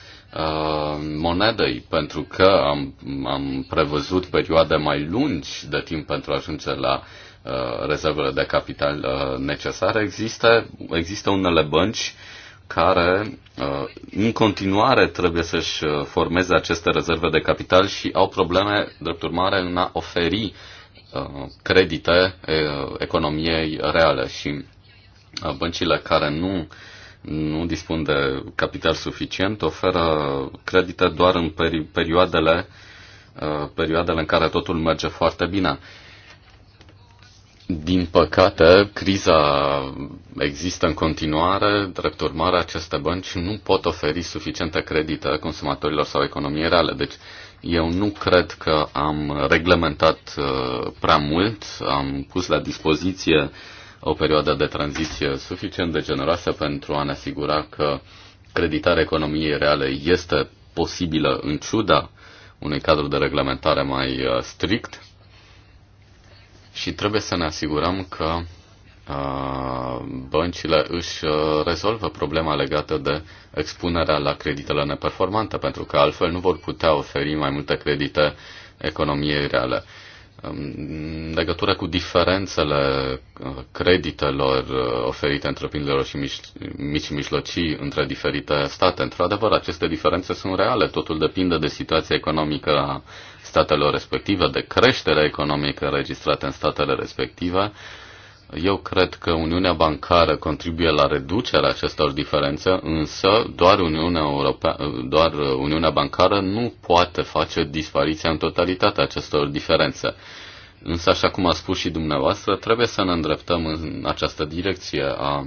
monedei, pentru că am, am prevăzut perioade mai lungi de timp pentru a ajunge la uh, Uh, rezervele de capital uh, necesare, există, există unele bănci care uh, în continuare trebuie să-și formeze aceste rezerve de capital și au probleme, drept urmare, în a oferi credite economiei reale și băncile care nu, nu dispun de capital suficient oferă credite doar în perioadele, perioadele în care totul merge foarte bine. Din păcate, criza există în continuare, drept urmare aceste bănci nu pot oferi suficiente credite consumatorilor sau economiei reale. Deci eu nu cred că am reglementat uh, prea mult, am pus la dispoziție o perioadă de tranziție suficient de generoasă pentru a ne asigura că creditarea economiei reale este posibilă în ciuda unui cadru de reglementare mai uh, strict și trebuie să ne asigurăm că uh, băncile își uh, rezolvă problema legată de expunerea la creditele neperformante, pentru că altfel nu vor putea oferi mai multe credite economiei reale. Um, în legătură cu diferențele uh, creditelor oferite întreprinderilor și mici, mici mijlocii între diferite state, într-adevăr, aceste diferențe sunt reale. Totul depinde de situația economică a statelor respective, de creștere economică registrată în statele respective. Eu cred că Uniunea Bancară contribuie la reducerea acestor diferențe, însă doar Uniunea, Europea, doar Uniunea Bancară nu poate face dispariția în totalitate acestor diferențe. Însă, așa cum a spus și dumneavoastră, trebuie să ne îndreptăm în această direcție a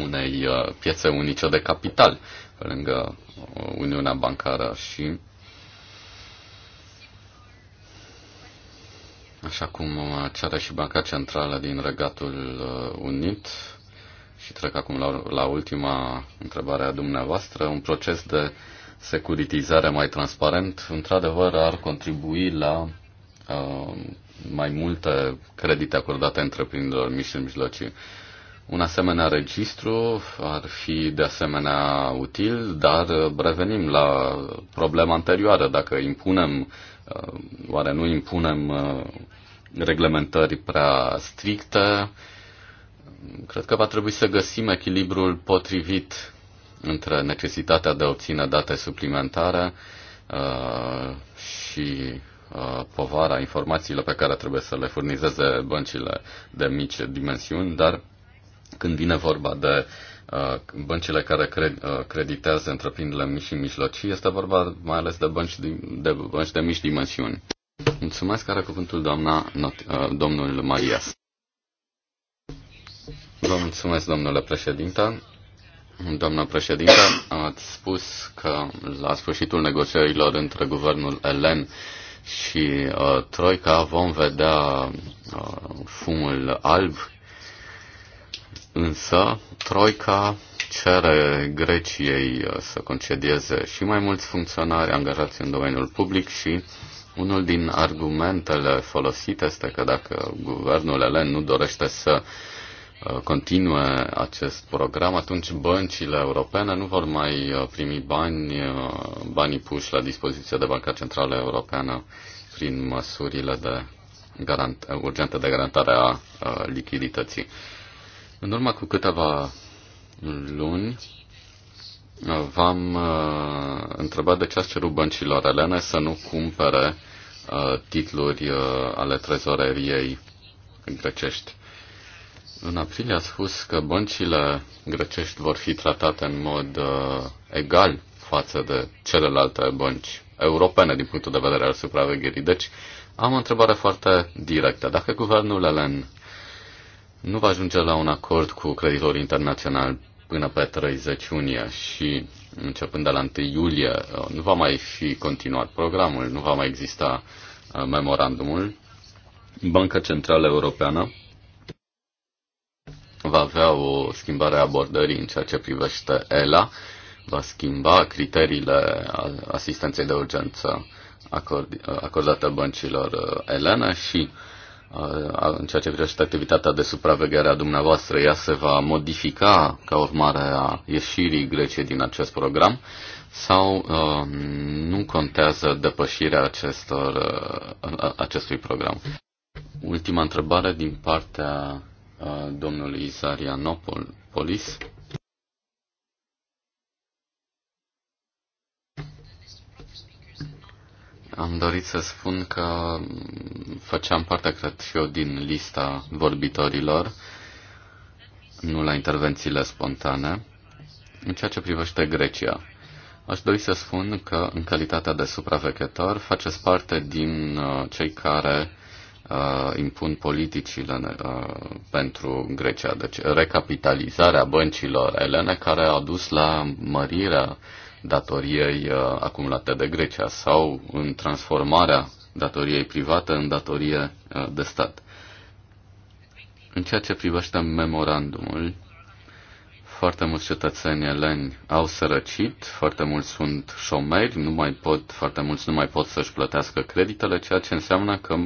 unei uh, piețe unice de capital, pe lângă Uniunea Bancară și așa cum cere și Banca Centrală din Regatul uh, Unit. Și trec acum la, la ultima întrebare a dumneavoastră. Un proces de securitizare mai transparent, într-adevăr, ar contribui la uh, mai multe credite acordate întreprinderilor mici și mijlocii. Un asemenea registru ar fi de asemenea util, dar revenim la problema anterioară. Dacă impunem Uh, oare nu impunem uh, reglementări prea stricte? Cred că va trebui să găsim echilibrul potrivit între necesitatea de a obține date suplimentare uh, și povara informațiilor pe care trebuie să le furnizeze băncile de mici dimensiuni, dar când vine vorba de Uh, băncile care cred, uh, creditează întreprinderile mici și mijlocii. Este vorba mai ales de bănci de, de, bănci de mici dimensiuni. Mulțumesc, care cuvântul doamna, not, uh, domnul Marias. Vă mulțumesc, domnule președinte. Doamna președinte, ați spus că la sfârșitul negocierilor între guvernul elen și uh, Troica vom vedea uh, fumul alb Însă, Troica cere Greciei uh, să concedieze și mai mulți funcționari angajați în domeniul public și unul din argumentele folosite este că dacă guvernul elen nu dorește să uh, continue acest program, atunci băncile europene nu vor mai uh, primi bani, banii puși la dispoziție de Banca Centrală Europeană prin măsurile de garant, urgente de garantare a lichidității. În urmă cu câteva luni v-am uh, întrebat de ce ați cerut băncilor elene să nu cumpere uh, titluri uh, ale trezoreriei grecești. În aprilie a spus că băncile grecești vor fi tratate în mod uh, egal față de celelalte bănci europene din punctul de vedere al supravegherii. Deci am o întrebare foarte directă. Dacă guvernul elen nu va ajunge la un acord cu creditorii internaționali până pe 30 iunie și începând de la 1 iulie uh, nu va mai fi continuat programul, nu va mai exista uh, memorandumul. Banca Centrală Europeană va avea o schimbare a abordării în ceea ce privește ELA, va schimba criteriile asistenței de urgență uh, acordate băncilor elene și uh, în ceea ce privește activitatea de supraveghere a dumneavoastră, ea se va modifica ca urmare a ieșirii Greciei din acest program sau nu contează depășirea acestor, acestui program? Ultima întrebare din partea domnului Isarianopolis. Polis. Am dorit să spun că făceam parte, cred și eu, din lista vorbitorilor, nu la intervențiile spontane. În ceea ce privește Grecia, aș dori să spun că, în calitatea de supravechetor, faceți parte din uh, cei care uh, impun politicile uh, pentru Grecia. Deci recapitalizarea băncilor elene care a dus la mărirea uh, datoriei uh, acumulate de Grecia sau în transformarea datoriei private în datorie uh, de stat. În ceea ce privește memorandumul, foarte mulți cetățeni eleni au sărăcit, foarte mulți sunt șomeri, nu mai pot, foarte mulți nu mai pot să-și plătească creditele, ceea ce înseamnă că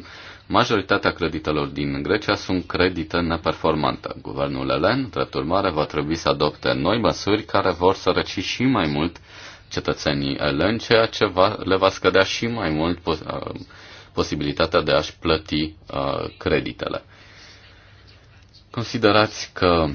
majoritatea creditelor din Grecia sunt credite neperformante. Guvernul elen, drept urmare, va trebui să adopte noi măsuri care vor sărăci și mai mult uh, cetățenii eleni, ceea ce va, le va scădea și mai mult pos, uh, posibilitatea de a-și plăti uh, creditele. Considerați că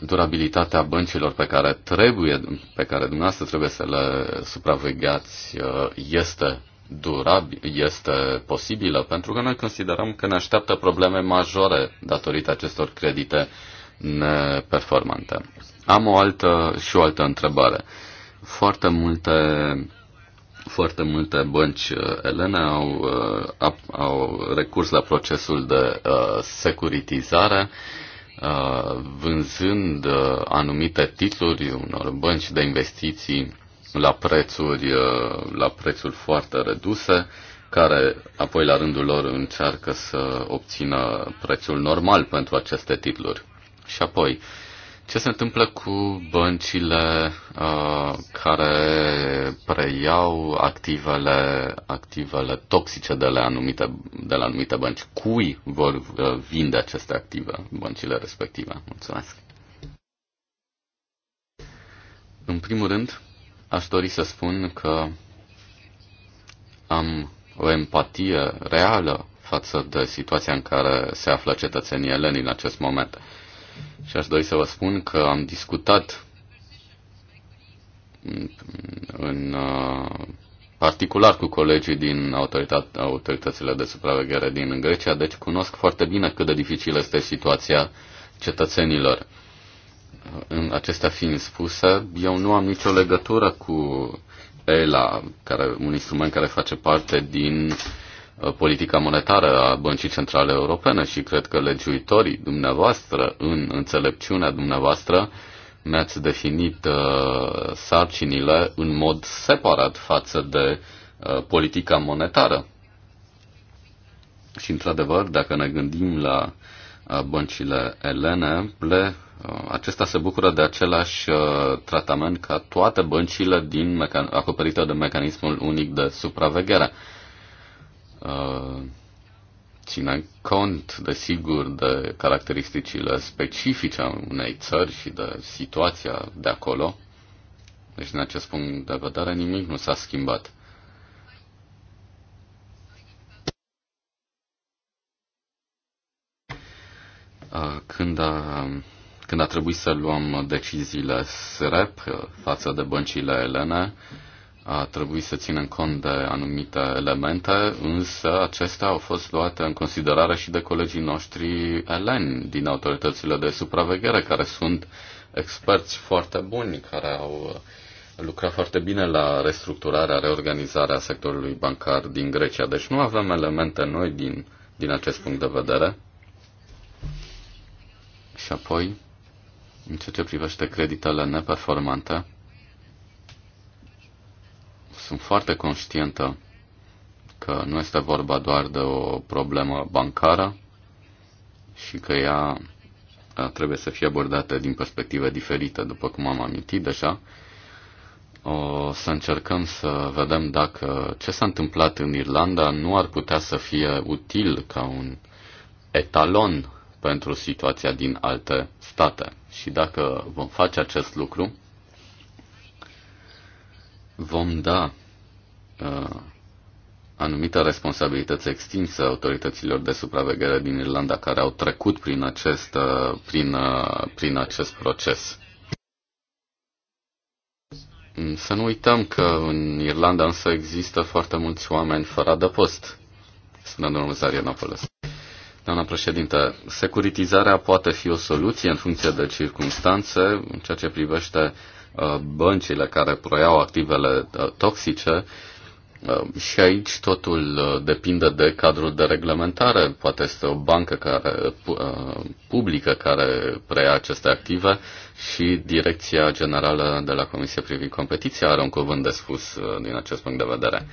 durabilitatea băncilor pe care trebuie, pe care dumneavoastră trebuie să le supravegheați uh, este durabil, este posibilă, pentru că noi considerăm că ne așteaptă probleme majore datorită acestor credite neperformante. Am o altă și o altă întrebare. Foarte multe, foarte multe bănci uh, elene au, uh, au recurs la procesul de uh, securitizare vânzând anumite titluri unor bănci de investiții la prețuri, la prețuri foarte reduse, care apoi la rândul lor încearcă să obțină prețul normal pentru aceste titluri. Și apoi, ce se întâmplă cu băncile uh, care preiau activele, activele toxice de la, anumite, de la anumite bănci? Cui vor uh, vinde aceste active, băncile respective? Mulțumesc. În primul rând, aș dori să spun că am o empatie reală față de situația în care se află cetățenii eleni în acest moment și aș dori să vă spun că am discutat în uh, particular cu colegii din autoritățile de supraveghere din Grecia, deci cunosc foarte bine cât de dificilă este situația cetățenilor. În acestea fiind spuse, eu nu am nicio legătură cu ELA, care, un instrument care face parte din Uh, politica monetară a Băncii Centrale Europene și cred că legiuitorii dumneavoastră, în înțelepciunea dumneavoastră, mi-ați definit uh, sarcinile în mod separat față de uh, politica monetară. Și, într-adevăr, dacă ne gândim la uh, băncile elene, ple, uh, acesta se bucură de același uh, tratament ca toate băncile din mecan- acoperite de mecanismul unic de supraveghere. Uh, Uh, ține cont, desigur, de caracteristicile specifice a unei țări și de situația de acolo. Deci, din acest punct de vedere, nimic nu s-a schimbat. Uh, când a, când a trebuit să luăm deciziile SREP uh, față de băncile Elena, a trebuit să ținem cont de anumite elemente, însă acestea au fost luate în considerare și de colegii noștri eleni din autoritățile de supraveghere, care sunt experți foarte buni, care au lucrat foarte bine la restructurarea, reorganizarea sectorului bancar din Grecia. Deci nu avem elemente noi din, din acest punct de vedere. Și apoi, în ceea ce privește creditele neperformante, sunt foarte conștientă că nu este vorba doar de o problemă bancară și că ea trebuie să fie abordată din perspective diferite, după cum am amintit deja. O să încercăm să vedem dacă ce s-a întâmplat în Irlanda nu ar putea să fie util ca un etalon pentru situația din alte state. Și dacă vom face acest lucru, vom da uh, anumită responsabilități extinse autorităților de supraveghere din Irlanda care au trecut prin acest, uh, prin, uh, prin acest proces. Mm, să nu uităm că în Irlanda însă există foarte mulți oameni fără adăpost, spune domnul Zarianopoulos. Doamna președinte, securitizarea poate fi o soluție în funcție de circunstanțe, în ceea ce privește Uh, băncile care proiau activele uh, toxice. Uh, și aici totul depinde de cadrul de reglementare. Poate este o bancă care, publică care preia aceste active și Direcția Generală de la Comisie privind competiția are un cuvânt de spus din acest punct de vedere.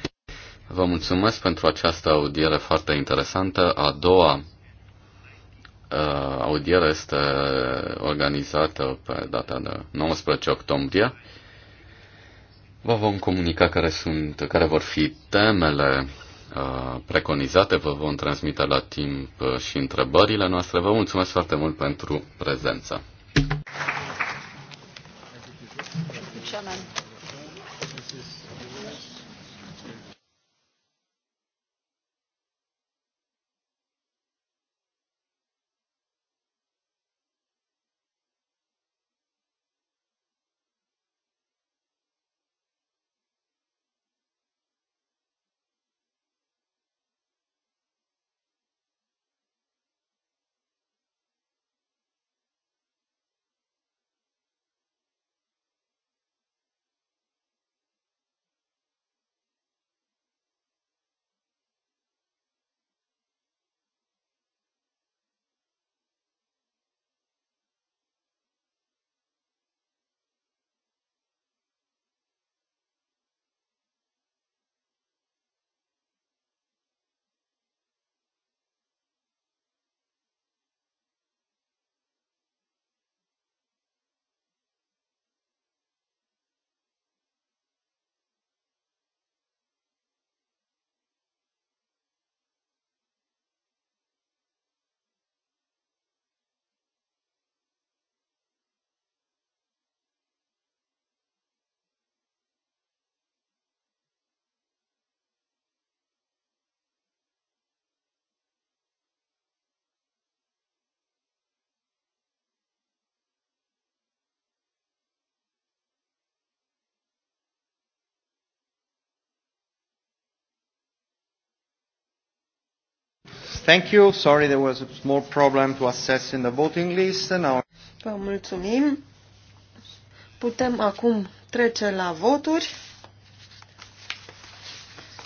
Vă mulțumesc pentru această audiere foarte interesantă, a doua Uh, Audiera este organizată pe data de 19 octombrie. Vă vom comunica care, sunt, care vor fi temele uh, preconizate, vă vom transmite la timp și întrebările noastre. Vă mulțumesc foarte mult pentru prezență. Thank you. Sorry there was a small problem to assess in the voting list. Now... Vă mulțumim. Putem acum trece la voturi.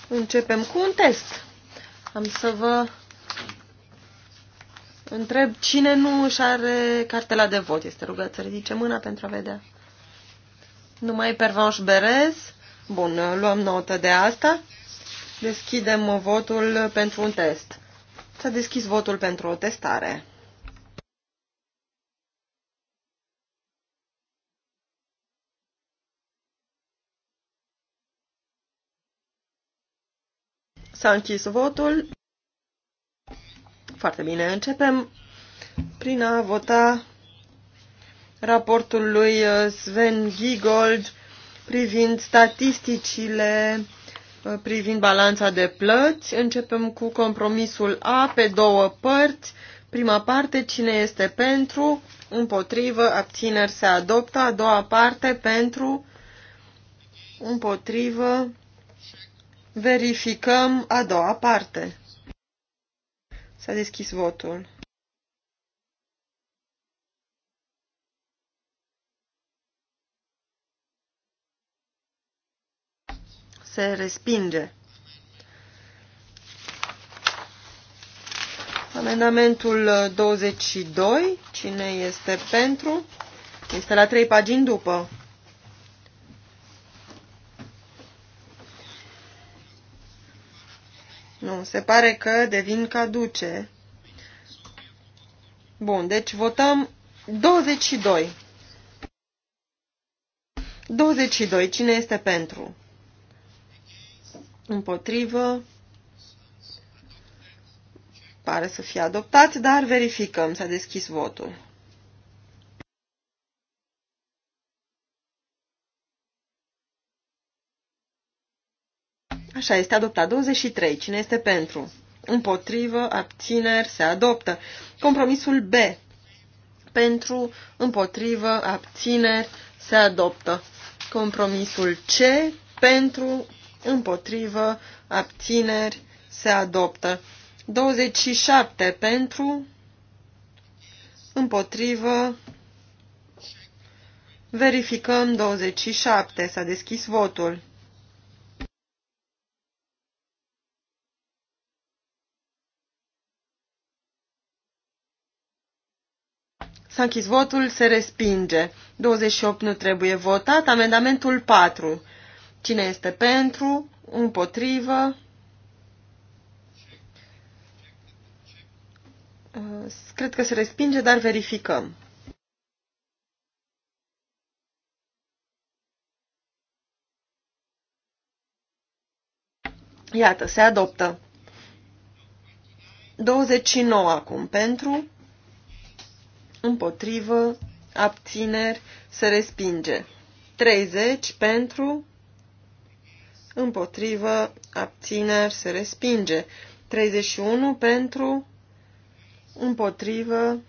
Începem cu un test. Am să vă întreb cine nu își are cartela de vot. Este rugat să ridice mâna pentru a vedea. Numai pervanș berez. Bun, luăm notă de asta. Deschidem votul pentru un test. S-a deschis votul pentru o testare. S-a închis votul. Foarte bine, începem prin a vota raportul lui Sven Giegold privind statisticile privind balanța de plăți. Începem cu compromisul A pe două părți. Prima parte, cine este pentru, împotrivă, abțineri se adoptă. A doua parte, pentru, împotrivă, verificăm a doua parte. S-a deschis votul. se respinge. Amendamentul 22, uh, cine este pentru? Este la trei pagini după. Nu, se pare că devin caduce. Bun, deci votăm 22. 22. Cine este pentru? împotrivă, pare să fie adoptat, dar verificăm, s-a deschis votul. Așa, este adoptat 23. Cine este pentru? Împotrivă, abțineri, se adoptă. Compromisul B. Pentru, împotrivă, abțineri, se adoptă. Compromisul C. Pentru, împotrivă, abțineri, se adoptă. 27 pentru, împotrivă, verificăm 27, s-a deschis votul. S-a închis votul, se respinge. 28 nu trebuie votat. Amendamentul 4. Cine este pentru? Împotrivă? Uh, cred că se respinge, dar verificăm. Iată, se adoptă. 29 acum pentru, împotrivă, abțineri, se respinge. 30 pentru, împotrivă, abțineri, se respinge. 31 pentru, împotrivă,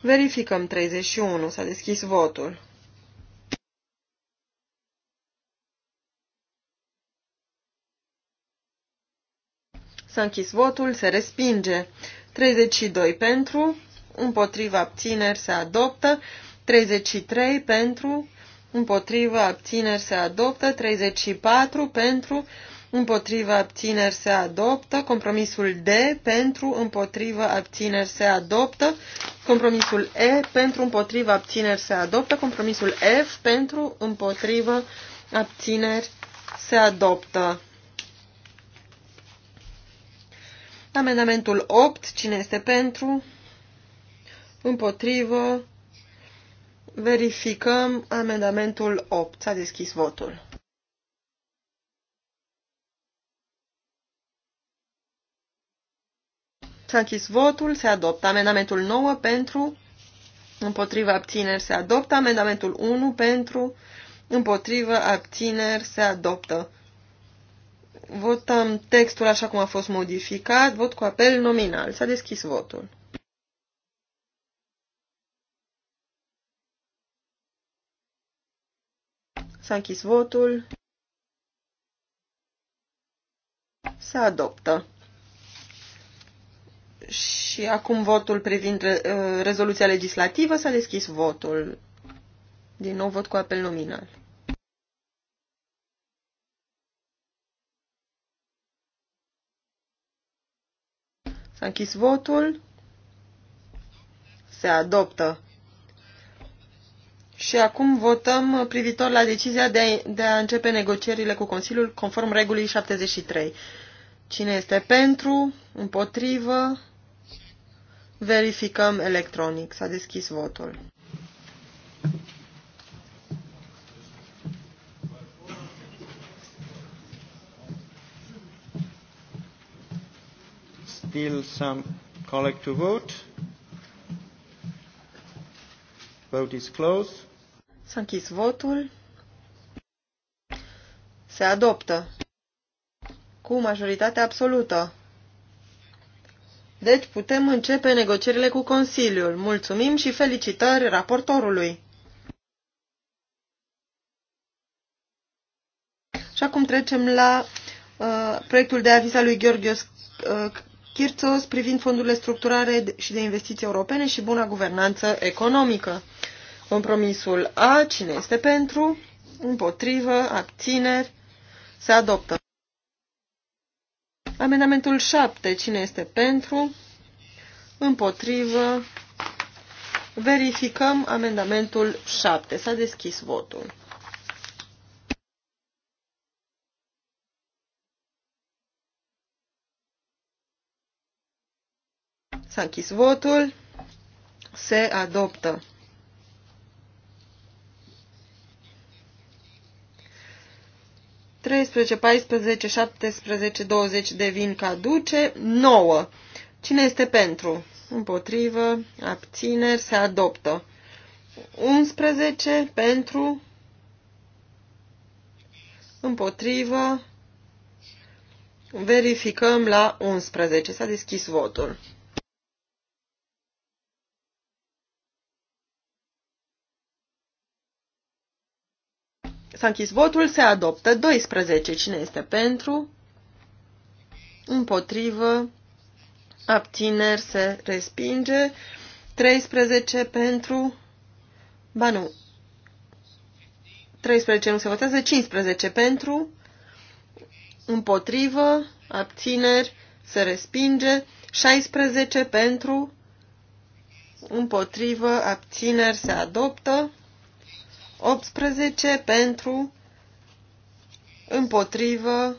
verificăm 31, s-a deschis votul. S-a închis votul, se respinge. 32 pentru, împotrivă, abțineri se adoptă, 33 pentru, împotrivă, abțineri se adoptă, 34 pentru, împotrivă, abțineri se adoptă, compromisul D pentru, împotrivă, abțineri se adoptă, compromisul E pentru, împotrivă, abțineri se adoptă, compromisul F pentru, împotrivă, abțineri se adoptă. Amendamentul 8, cine este pentru? Împotrivă, Verificăm amendamentul 8. S-a deschis votul. S-a închis votul, se adoptă amendamentul 9 pentru, împotriva abțineri se adoptă, amendamentul 1 pentru, împotriva abțineri se adoptă. Votăm textul așa cum a fost modificat, vot cu apel nominal. S-a deschis votul. S-a închis votul. Se adoptă. Și acum votul privind uh, rezoluția legislativă s-a deschis votul. Din nou vot cu apel nominal. S-a închis votul. Se adoptă și acum votăm privitor la decizia de a, de a începe negocierile cu Consiliul conform regulii 73. Cine este pentru? Împotrivă? Verificăm electronic. S-a deschis votul. Still some colleague to vote. Vote is closed. S-a închis votul. Se adoptă cu majoritate absolută. Deci putem începe negocierile cu Consiliul. Mulțumim și felicitări raportorului. Și acum trecem la uh, proiectul de aviz al lui Gheorghe uh, Chirțos privind fondurile structurare și de investiții europene și buna guvernanță economică. Compromisul A, cine este pentru, împotrivă, abțineri, se adoptă. Amendamentul 7, cine este pentru, împotrivă, verificăm amendamentul 7. S-a deschis votul. S-a închis votul. Se adoptă. Treisprezece, paisprezece, șaptesprezece, douăzeci devin caduce. 9. Cine este pentru? Împotrivă, abțineri, se adoptă. 11 pentru, împotrivă, verificăm la 11. S-a deschis votul. S-a închis votul, se adoptă 12. Cine este pentru? Împotrivă. Abțineri se respinge. 13 pentru... Ba nu. 13 nu se votează, 15 pentru, împotrivă, abțineri, se respinge, 16 pentru, împotrivă, abțineri, se adoptă, 18 pentru, împotrivă,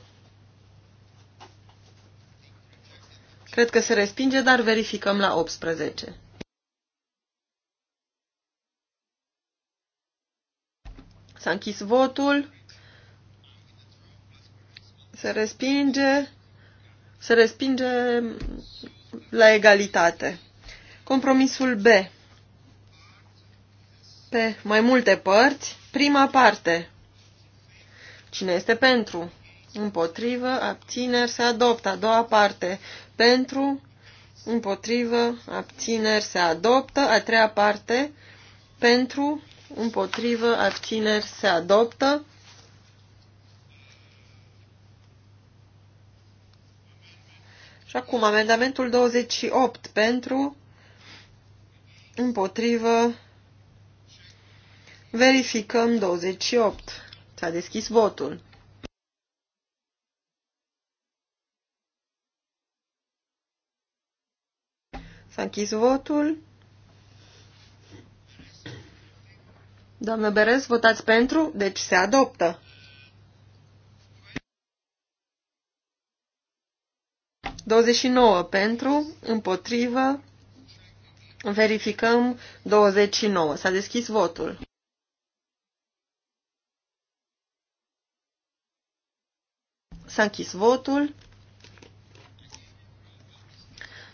cred că se respinge, dar verificăm la 18. S-a închis votul, se respinge, se respinge la egalitate. Compromisul B pe mai multe părți. Prima parte. Cine este pentru? Împotrivă, abțineri, se adoptă. A doua parte. Pentru, împotrivă, abțineri, se adoptă. A treia parte. Pentru, împotrivă, abțineri, se adoptă. Și acum amendamentul 28 pentru, împotrivă, Verificăm 28. S-a deschis votul. S-a închis votul. Doamnă Berez, votați pentru, deci se adoptă. Douăzeci nouă pentru, împotrivă, verificăm douăzeci și nouă. S-a deschis votul. S-a închis votul.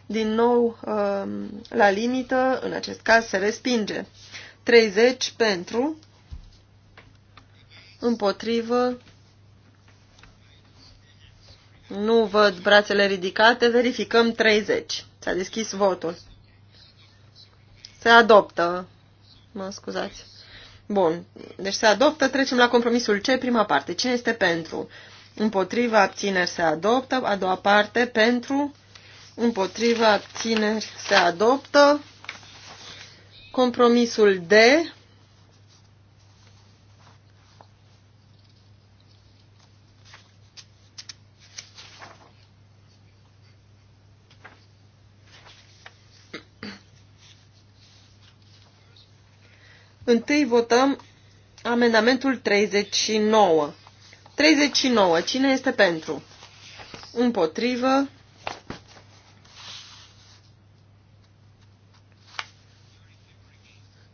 Din nou, um, la limită, în acest caz, se respinge. 30 pentru, împotrivă, nu văd brațele ridicate, verificăm 30. S-a deschis votul. Se adoptă. Mă scuzați. Bun, deci se adoptă, trecem la compromisul C, prima parte. Cine este pentru? împotriva abțineri se adoptă, a doua parte pentru, împotriva abțineri se adoptă, compromisul D, Întâi votăm amendamentul 39. 39. Cine este pentru? Împotrivă.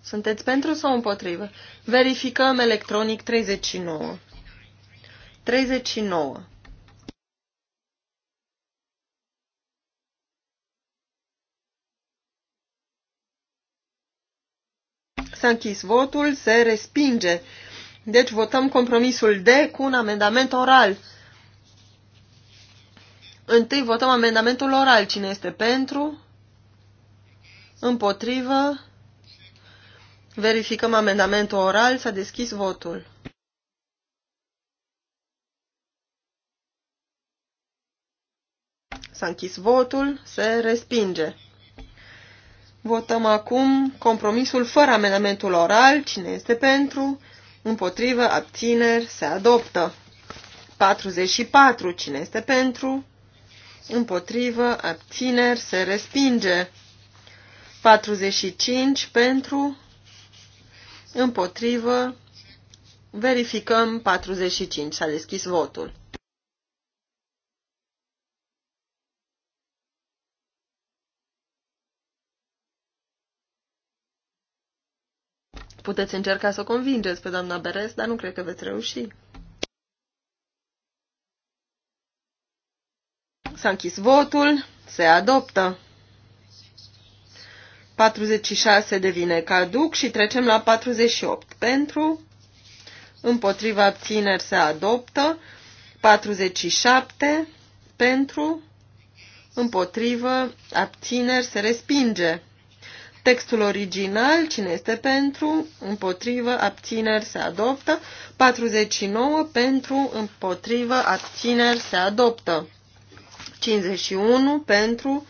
Sunteți pentru sau împotrivă? Verificăm electronic 39. 39. S-a închis votul, se respinge deci votăm compromisul D cu un amendament oral. Întâi votăm amendamentul oral. Cine este pentru? Împotrivă? Verificăm amendamentul oral. S-a deschis votul. S-a închis votul. Se respinge. Votăm acum compromisul fără amendamentul oral. Cine este pentru? Pentru împotrivă, abțineri, se adoptă. 44. Cine este pentru? Împotrivă, abțineri, se respinge. 45. Pentru, împotrivă, verificăm 45. S-a deschis votul. Puteți încerca să o convingeți pe doamna Beres, dar nu cred că veți reuși. S-a închis votul, se adoptă. 46 devine caduc și trecem la 48. Pentru, împotriva abțineri se adoptă, 47 pentru, împotrivă, abțineri se respinge. Textul original, cine este pentru, împotrivă, abțineri, se adoptă. 49 pentru, împotrivă, abțineri, se adoptă. 51 pentru,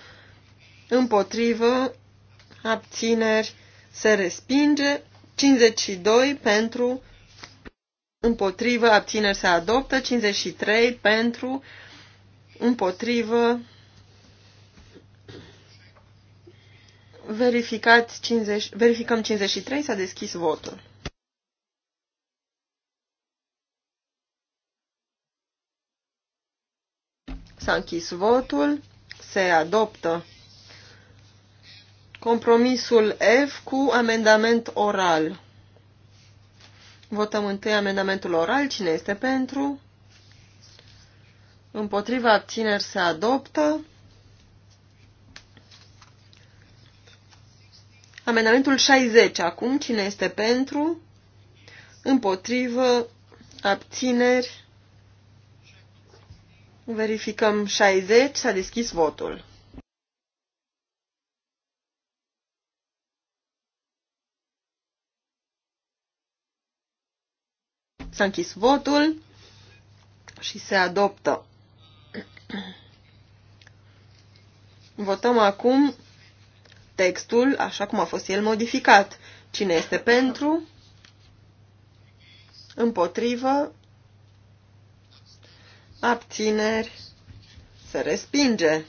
împotrivă, abțineri, se respinge. 52 pentru, împotrivă, abțineri, se adoptă. 53 pentru, împotrivă, Verificat 50, verificăm 53, s-a deschis votul. S-a închis votul, se adoptă compromisul F cu amendament oral. Votăm întâi amendamentul oral. Cine este pentru? Împotriva abțineri se adoptă. Amendamentul 60 acum. Cine este pentru? Împotrivă. Abțineri. Verificăm 60. S-a deschis votul. S-a închis votul și se adoptă. Votăm acum textul așa cum a fost el modificat. Cine este pentru? Împotrivă? Abțineri? Se respinge.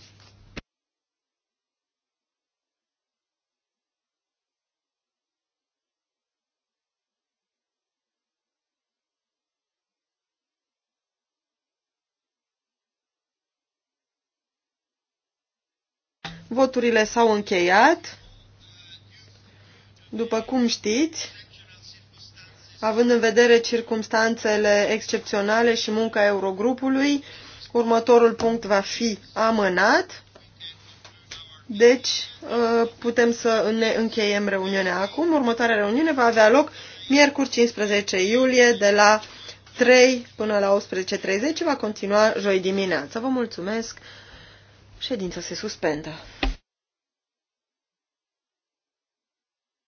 Voturile s-au încheiat. După cum știți, având în vedere circumstanțele excepționale și munca Eurogrupului, următorul punct va fi amânat. Deci, uh, putem să ne încheiem reuniunea acum. Următoarea reuniune va avea loc miercuri 15 iulie de la 3 până la 18.30. Va continua joi dimineața. Vă mulțumesc! Ședința se suspendă.